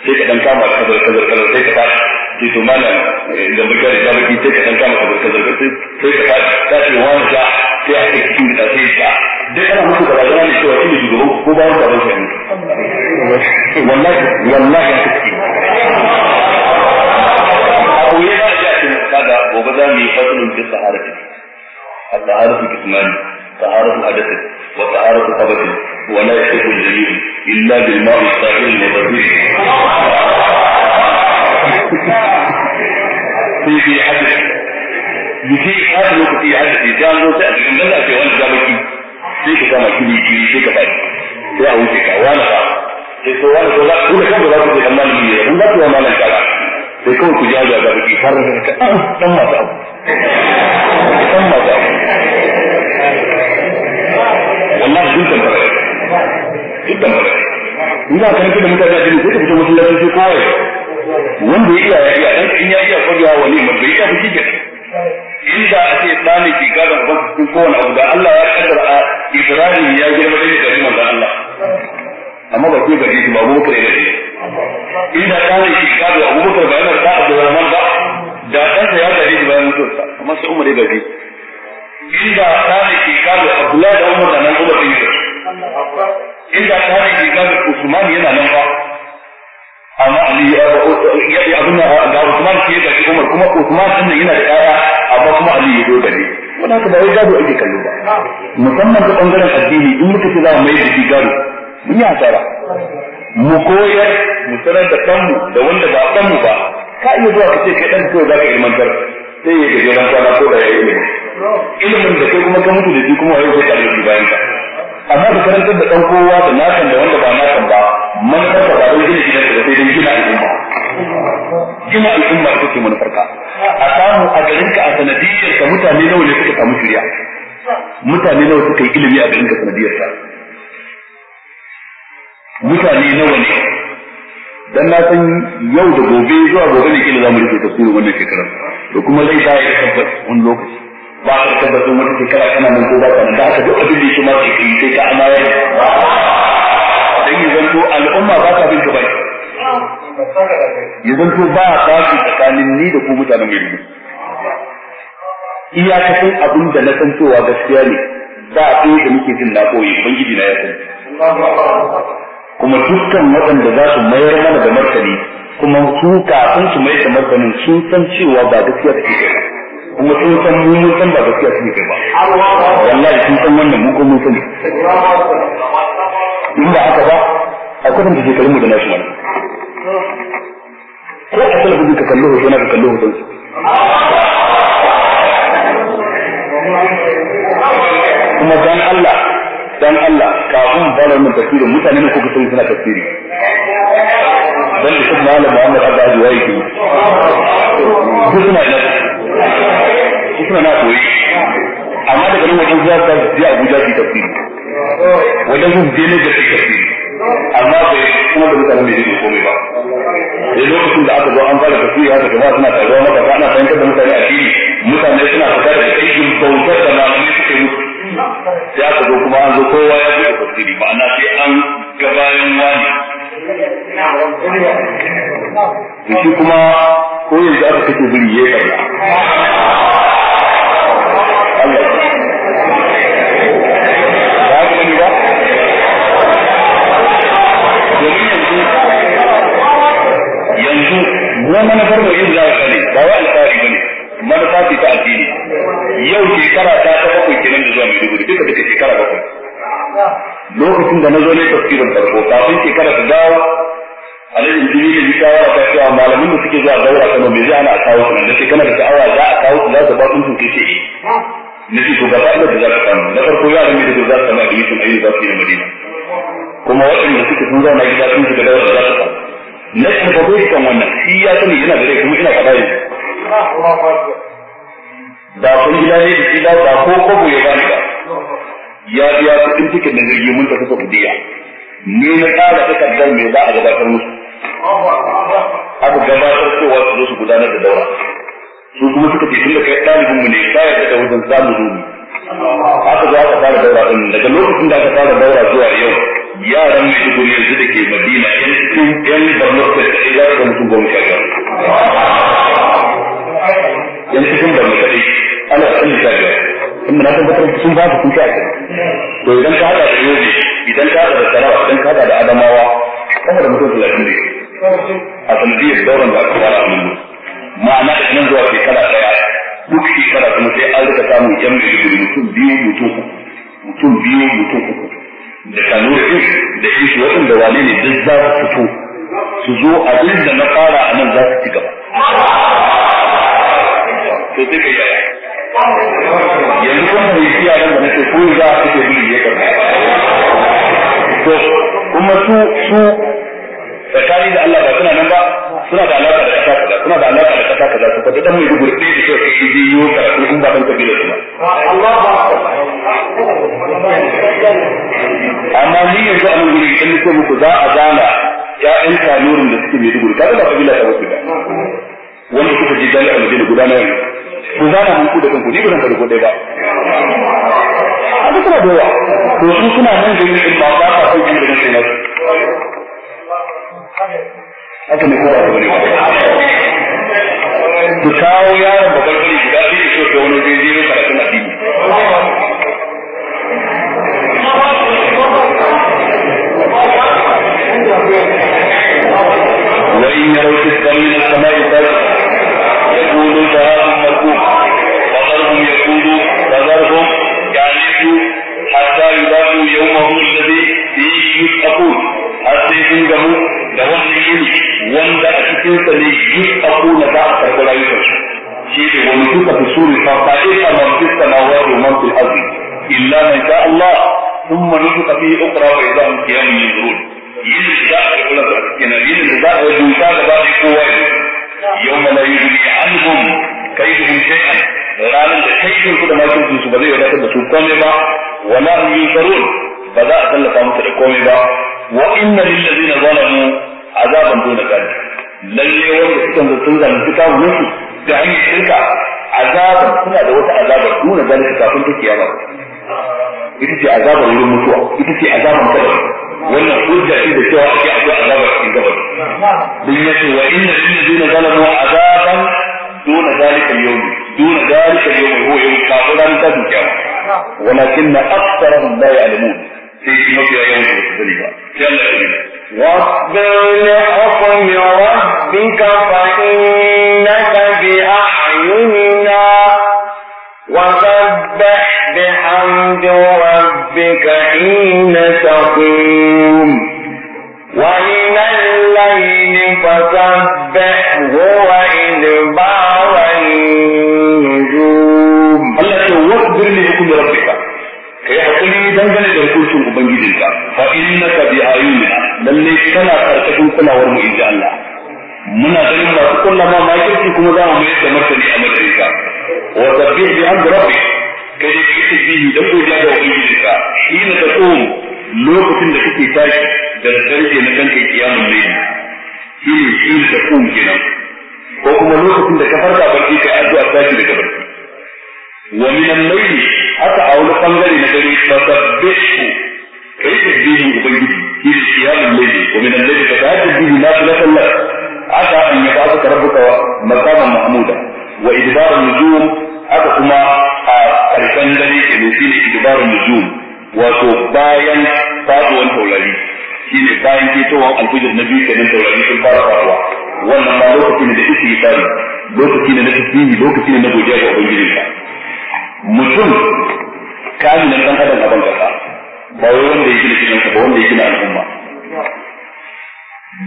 S1: sai ka dan kama kazar kazar kazar sai ka tashi to malam eh, bakar jabaki sai ka kama kazar kazar sai ka wani ja sai a cikin cikin da sai ta duk ana musu da rayuwa ne cewa shi ne ko ba wanda ban shi wallahi wallahi ya tafi a wuya da ya ce kaga gobe za mu yi fasalin fi sahara ta sahara ta kismani sahara ta hadasa wa sahara ta kabati wa la yashku al-jamil illa bil ma'i sahir al-mudarris في حدث biki haka lokaci ya haka ya zo sai a cikin gaza ce wani gabaki sai ka kama kiri kiri sai ka faɗi sai a wuce ka wani ba sai ko wani ko za ku da kanku za ku ce amma ni ne kun za ku yi malam ka ba sai kawai ku jaja gabaki har ka ah,
S2: dan masu abu dan masu abu wallahi duk tambara duk tambara ina kan kida mutane a cikin
S1: sai ka fito masallaci sai kowa wanda ya iya ya iya dan in ya iya kwarewa wani mai bai iya ba shi inda a ce ɗani ke gada ban cikin kowane abu da Allah ya kaddara a Ibrahim ya girma da gari da Allah amma ba ke gari shi ba mu kare gari inda tsani ke gado Abu Bakar ba yana da Abdurrahman ba da kansa ya gaji shi bayan sa, amma sai Umar ya gari
S2: inda tsani ke gado Abdullahi da Umar da nan Umar ɗin inda tsani ke gado Usman yana nan ba
S1: amma ali ya abin da Usman ke da tafi Umar kuma Usman din yana da ƴaƴa amma kuma Ali ya zo gare wanda haka ba wai gado ake kallo ba musamman ta bangaren addini in muka ce za mu mai da shi gado mun yi hasara mu koyar mu sanar da mu da wanda ba mu ba ka iya zuwa ka ce kai dan kawai za ka ilmantar sai ya gaje ran kwana ko da ya yi ilimin da kai kuma ka mutu da shi kuma wai zai kalli bayan ka amma ka karantar da dan kowa da nakan da wanda ba nakan ba manufar da ba don gina gidan ka sai don gina al'umma gina al'umma ita ce manufar ka a samu a garin ka a sanadiyar ka mutane nawa ne suka samu shirya mutane nawa suka yi ilimi a garin ka sanadiyar ka mutane nawa ne dan na san yau da gobe zuwa gobe ne kila zamu rike tafsirin wannan shekarar da kuma zai sa ya tabbata wani lokaci ba a tabbatar wata shekara kana nan ko ba ka nan da haka duk abin da yake ma ke kai sai ka amaya ya zanto al'umma ba ka bin ba bai ya zanto ba ba su tsakanin ni da ku mutanen mai iyakacin abin da na san cewa gaskiya ne ba a ɗaya da muke jin na koyi ubangiji na ya san kuma dukkan waɗanda za su mayar mana da martani kuma su kafin su mai da martanin sun san cewa ba gaskiya take
S2: ba kuma sun san mu mun san ba gaskiya take ba wallahi sun san wannan mu ko mun sani in ba haka ba a kudin da shekarun mu da nashi mana ko a talabijin ka kallo hoto na ka kallo
S1: hoton su kuma dan Allah dan Allah kafin fara mun tafsiri mutane ne kuka sani suna tafsiri dan da kuma malam Muhammad Abba Ajiwa yake ku suna ina ku suna na koyi amma daga nan wajen zuwa ta je Abuja ki tafsiri
S2: wajen yin dele da suka fi amma bai kuma da mutane mai jini komai ba da lokacin da aka zo an fara tafiya da gaba suna taruwa maka ana fahimtar da mutane a fili mutane suna fitar da aikin bautar da malamai suke musu sai aka zo
S1: kuma an zo kowa ya buɗe tafsiri ma'ana
S2: sai an ga bayan wani
S1: shi kuma ko yanzu aka kake biri ya yi shiru da kika take shekara bakwai lokacin da na zo ne tafsirin farko kafin shekara ta dawo alaihi jini da bi shawara ta cewa malamin da suke zuwa daura kano mai zai ana kawo su da kana da sha'awa za a kawo su za su ba sun sun kace eh. na nake to gaba da za su samu na farko ya ne da za su samu ayyukan ayyuka za su yi na madina kuma waɗanda suke sun zauna gida sun shiga daura za su samu
S2: na kuma ba kan wannan shi ya sani yana da rai kuma ina faɗa yanzu da kun gida ne da shi da ko kwabo ya gani. ba ya
S1: biya kuɗin cikin da jirgi mun tafi Saudiya ni na ƙara takardar me za a gabatar musu aka gabatar cewa su zo su gudanar da daura su kuma suka ce tun da kai ɗalibin mu ne ka yarda da wajen samu zuwa aka zo aka fara daura ɗin daga lokacin da aka fara daura zuwa yau yaran mai dubu yanzu da ke madina yan cikin yan barno da ke za su mutum goma sha biyar yan cikin barno kaɗai ana ɗan sha biyar in na tabbatar sun ba su kun to idan ka haɗa da yobe idan ka haɗa da sarawa idan ka hada da adamawa kuma da mutum talatin ne a sanadiyar dauran da aka fara a nan ma'ana da nan zuwa shekara daya duk shekara kuma sai an rika samun yan mai mutum biyu mutum uku mutum biyu mutum uku da kanu da ish da ish waɗanda wane ne duk za su fito su zo abin da na fara a nan za su ci gaba.
S2: To sai ka yaya yanzu wannan mai fiya nan da nake koyi za a kake bi ya
S1: to kuma su su tsakani da Allah ba suna nan ba suna da alaka da kasa kaza suna da alaka da kasa kaza su fadi dan mai dubu ɗaya da sai su je yiwo karatu in ba dan kabila ba amma ni yanzu an nan gurin in muku za a gana ya'yan kanurin da suke mai dubu kaga ba kabila ta wasu ba wanda suka ji dalilin da gudanar ku zana hanku da kanku ni ba zan karɓo ba a duk suna da to su suna nan da yin ba ba ba sai da kansu na
S2: haka ne kowa da bane ku kawo yaron babban
S1: kare guda ɗaya so da wani zai zai karatun addini وإن يروا في السماء فاسقا يقولوا شهادة ذاقوا يومهم الذي فيه يتقون har sai sun gamu da wannan yini wanda a cikin sa ne yutaqu na za a karɓi rayukansu shi ne wani suka fi suri fa fa'ika man fi samawati wa man fil ardi illa man sha Allah ثم نفق فيه أخرى وإذا هم قيام ينظرون يجب الداء يقول لك أسكنا يجب الداء والجوشاء بعد قوة يوم لا يجري عنهم كيدهم شيئا ranar da kai shirku da makirkin su ba zai wadatar da su komai ba wala hum yusarun ba za a tallafa musu da komai ba wa inna lil ladina zalamu azaban duna kadi lalle wanda suka zantun zantu ta musu da hanyar shirka azaban suna da wata azabar duna zalika kafin ta kiyama ita ce azabar wurin mutuwa ita ce azabar kabari
S2: wannan hujja ce da cewa ake akwai azabar
S1: cikin kabari dun yace wa inna lil ladina zalamu azaban duna zalika yawmi دون ذلك اليوم هو يوم كافر عن تاسم كياما ولكن أكثرهم لا يعلمون في مكة يوم
S3: الظلمة واصبر لحكم ربك فإنك بأعيننا وسبح بحمد ربك حين تقوم وإن الليل فسبحه dangane
S1: da hukuncin Ubangijinka, fa inna ka bi ayyuna. lalle kana karkashin kulawar mu inji Allah muna ganin masu kullama ma kirki kuma za mu mai da martani a madarika. wa sabbih bi amri rabbi, kai da kike bi da godiya ga
S2: Ubangijinka,
S1: ina da tsohon lokacin da kake tashi da dange na kanka kiyamun ne shi ne shi da tsohon kenan ko kuma lokacin da ka farka barci kai addu'a tashi daga barci wa min al-layli haka a wani na sabbihu kai tasbihin ubangiji shi qiyamul layli wa min al-layli fa tahajjud nafilatan lak asa an yabaka rabbuka maqaman mahmuda wa idbar an-nujum haka kuma a karshen dare ke wato bayan faduwan taurari shine bayan ketowar alfijir na biyu kenan taurari sun fara faruwa wannan ma lokaci ne da istighfari lokaci ne na tasbihi lokaci ne na godiya ga ubangiji mutum kamilin dan adam a ban kasa ba wai wanda ya gina cikin ba wanda ya gina al'umma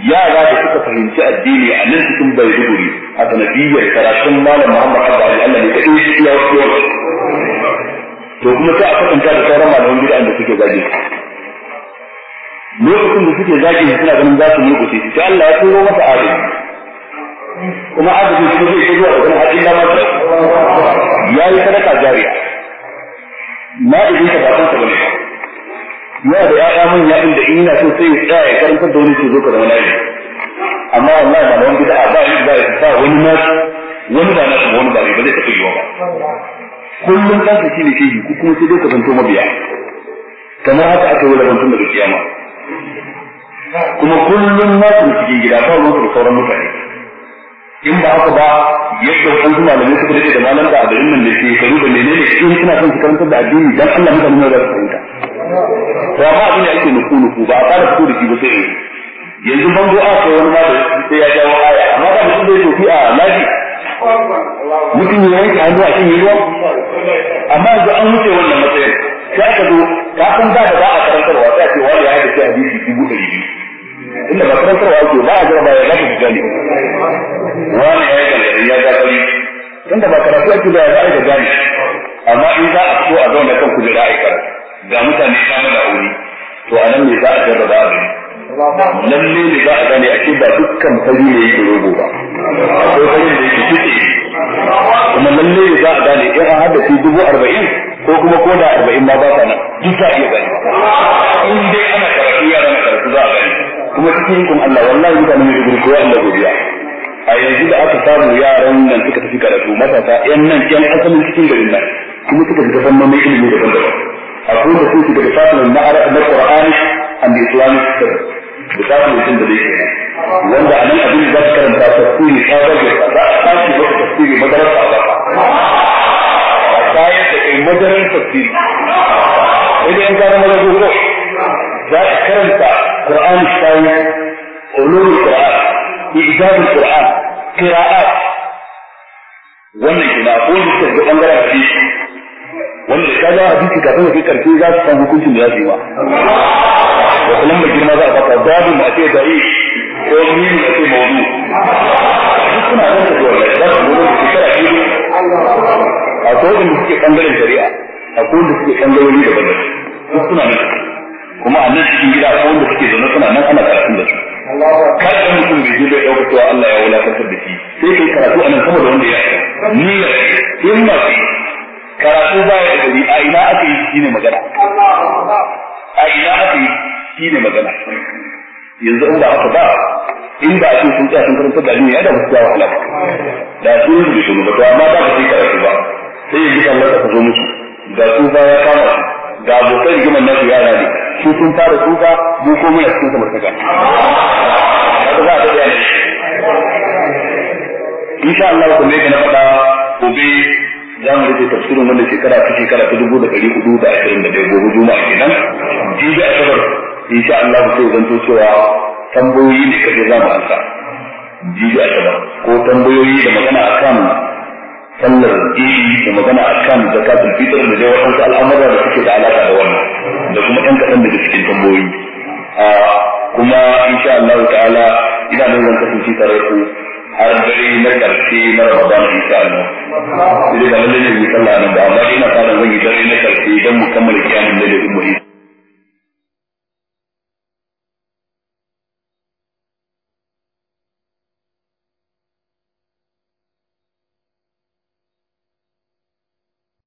S1: yara da suka fahimci addini a nan cikin Baiduguri a sanadiyyar karatun malam Muhammad Abba Ali Allah ne ka ɗauki iya wasu to kuma sai a kasanta da sauran malaman bid'a da suke zage lokacin da suke zage suna ganin za su lokaci sai Allah ya turo masa adalci
S2: kuma adalci shi zai zo da wani hakkin da mata yayi sadaka jariya ma idan ka ba ka bane
S1: ya da ya mun ya inda in yana so sai ya tsaya ya karanta da wani zo ka zama lafiya
S2: amma wallahi ba wani bid'a ba shi
S1: ba ba wani ma wani ba na wani ba ba zai tafi yiwa ba kullum dan ka shine shehi ku kuma sai dai ka zanto mabiya kamar haka aka yi rabantun daga kiyama kuma kullum na su cikin gida ba ruwan sauran mutane in ba haka ba yadda wasu malamai suka dace da malam da abin nan da ke karu da menene in suna son su karantar da addini dan Allah mutane ne za su fahimta to amma abin da ake nuku nuku ba a fara fito da shi ba sai yanzu bango a kai wani ma da sai ya jawo aya amma ba mutum zai tofi a laji. mutum ya yanke hannu a cikin ruwa amma yanzu an wuce wannan matsayin sai aka zo ka san da ba a karantarwa sai a ce wani ya yi da shi hadisi
S2: dubu ɗari biyu inda ba karantarwa ake ba a
S1: jaraba ta fi gane wani ya yi ya ga kari inda ba karatu ake ba a ga gane amma in za a so a zauna kan kujera a karatu ga mutane kama da aure to a nan ne za a jarraba a gani lalle ne za a gane a ce ba dukkan fari ne yake rogo ba akwai fari da yake tuke kuma lalle ne za a gane in an haɗa shi dubu arba'in ko kuma ko da arba'in ma ba ta nan duk za a iya gani in dai ana karatu yaran na karatu za a gani kuma cikin ikon Allah wallahi mutanen mai gudu kowa Allah godiya a yanzu da aka samu yaran nan suka tafi karatu matasa yan nan yan asalin cikin garin nan kuma suka fita fannonin ilimi daban-daban akwai da su daga fasalin na na Qur'an and Islamic studies da ta mutum da zai wanda anan abin da za karanta tafsiri ta zage za a tashi maka tafsiri madarasa a baka
S3: a kayan da kai madarar tafsiri idan ka zama da za a karanta القرآن الثاني علوم القرآن
S2: بإجاب القرآن قراءات wannan ke ko duk da bangaren hadisi wanda ka ga hadisi
S1: kafin kai karfi za su san hukuncin da ya ba. da kullum mai girma za a baka babu ma da yi ko ni ne ce mawdu duk suna nan da dole za su da a da bangaren shari'a a ko da suke da nan kuma a nan cikin gida akwai wanda suke zaune suna nan ana karatun da su kada da mutum bai je bai ɗauka cewa Allah ya wulakantar da shi sai kai karatu a nan sama da wanda ya
S2: yi
S1: in ma ce karatu baya ya gari a ina aka yi ne magana a ina aka yi ne magana yanzu in ba aka ba inda ake sun tsaya sun karanta da ya da yawa wahala
S2: da su yi da shi ba amma ba ka yi karatu ba
S1: sai yanzu kan ka zo musu da su ba ya kama su ga abokan rigimar nasu yara ne su sun fara tuka mu ko muna cikin samartaka
S2: mutaka za a ta bayani
S1: insha Allah ku ne na faɗa gobe za mu rufe tafsirin wanda shekara ta shekara ta dubu da ɗari hudu da ashirin da ɗaya gobe juma'a kenan jibi a sabar insha Allah sai zanto cewa tambayoyi ne kaje za mu ansa jibi a sabar ko tambayoyi da magana akan sallar idi da magana akan zakatul fitr da dai wasu al'amura da suke da alaka da wannan da kuma ɗan kaɗan daga cikin tambayoyi kuma insha Allah ta'ala ina nan zan kasance tare ku har dare na karshe na Ramadan insha Allah sai da lalle ne
S2: mu sallah nan ba amma ina fara zan yi dare na karshe dan mu kammala kiyamun da mu yi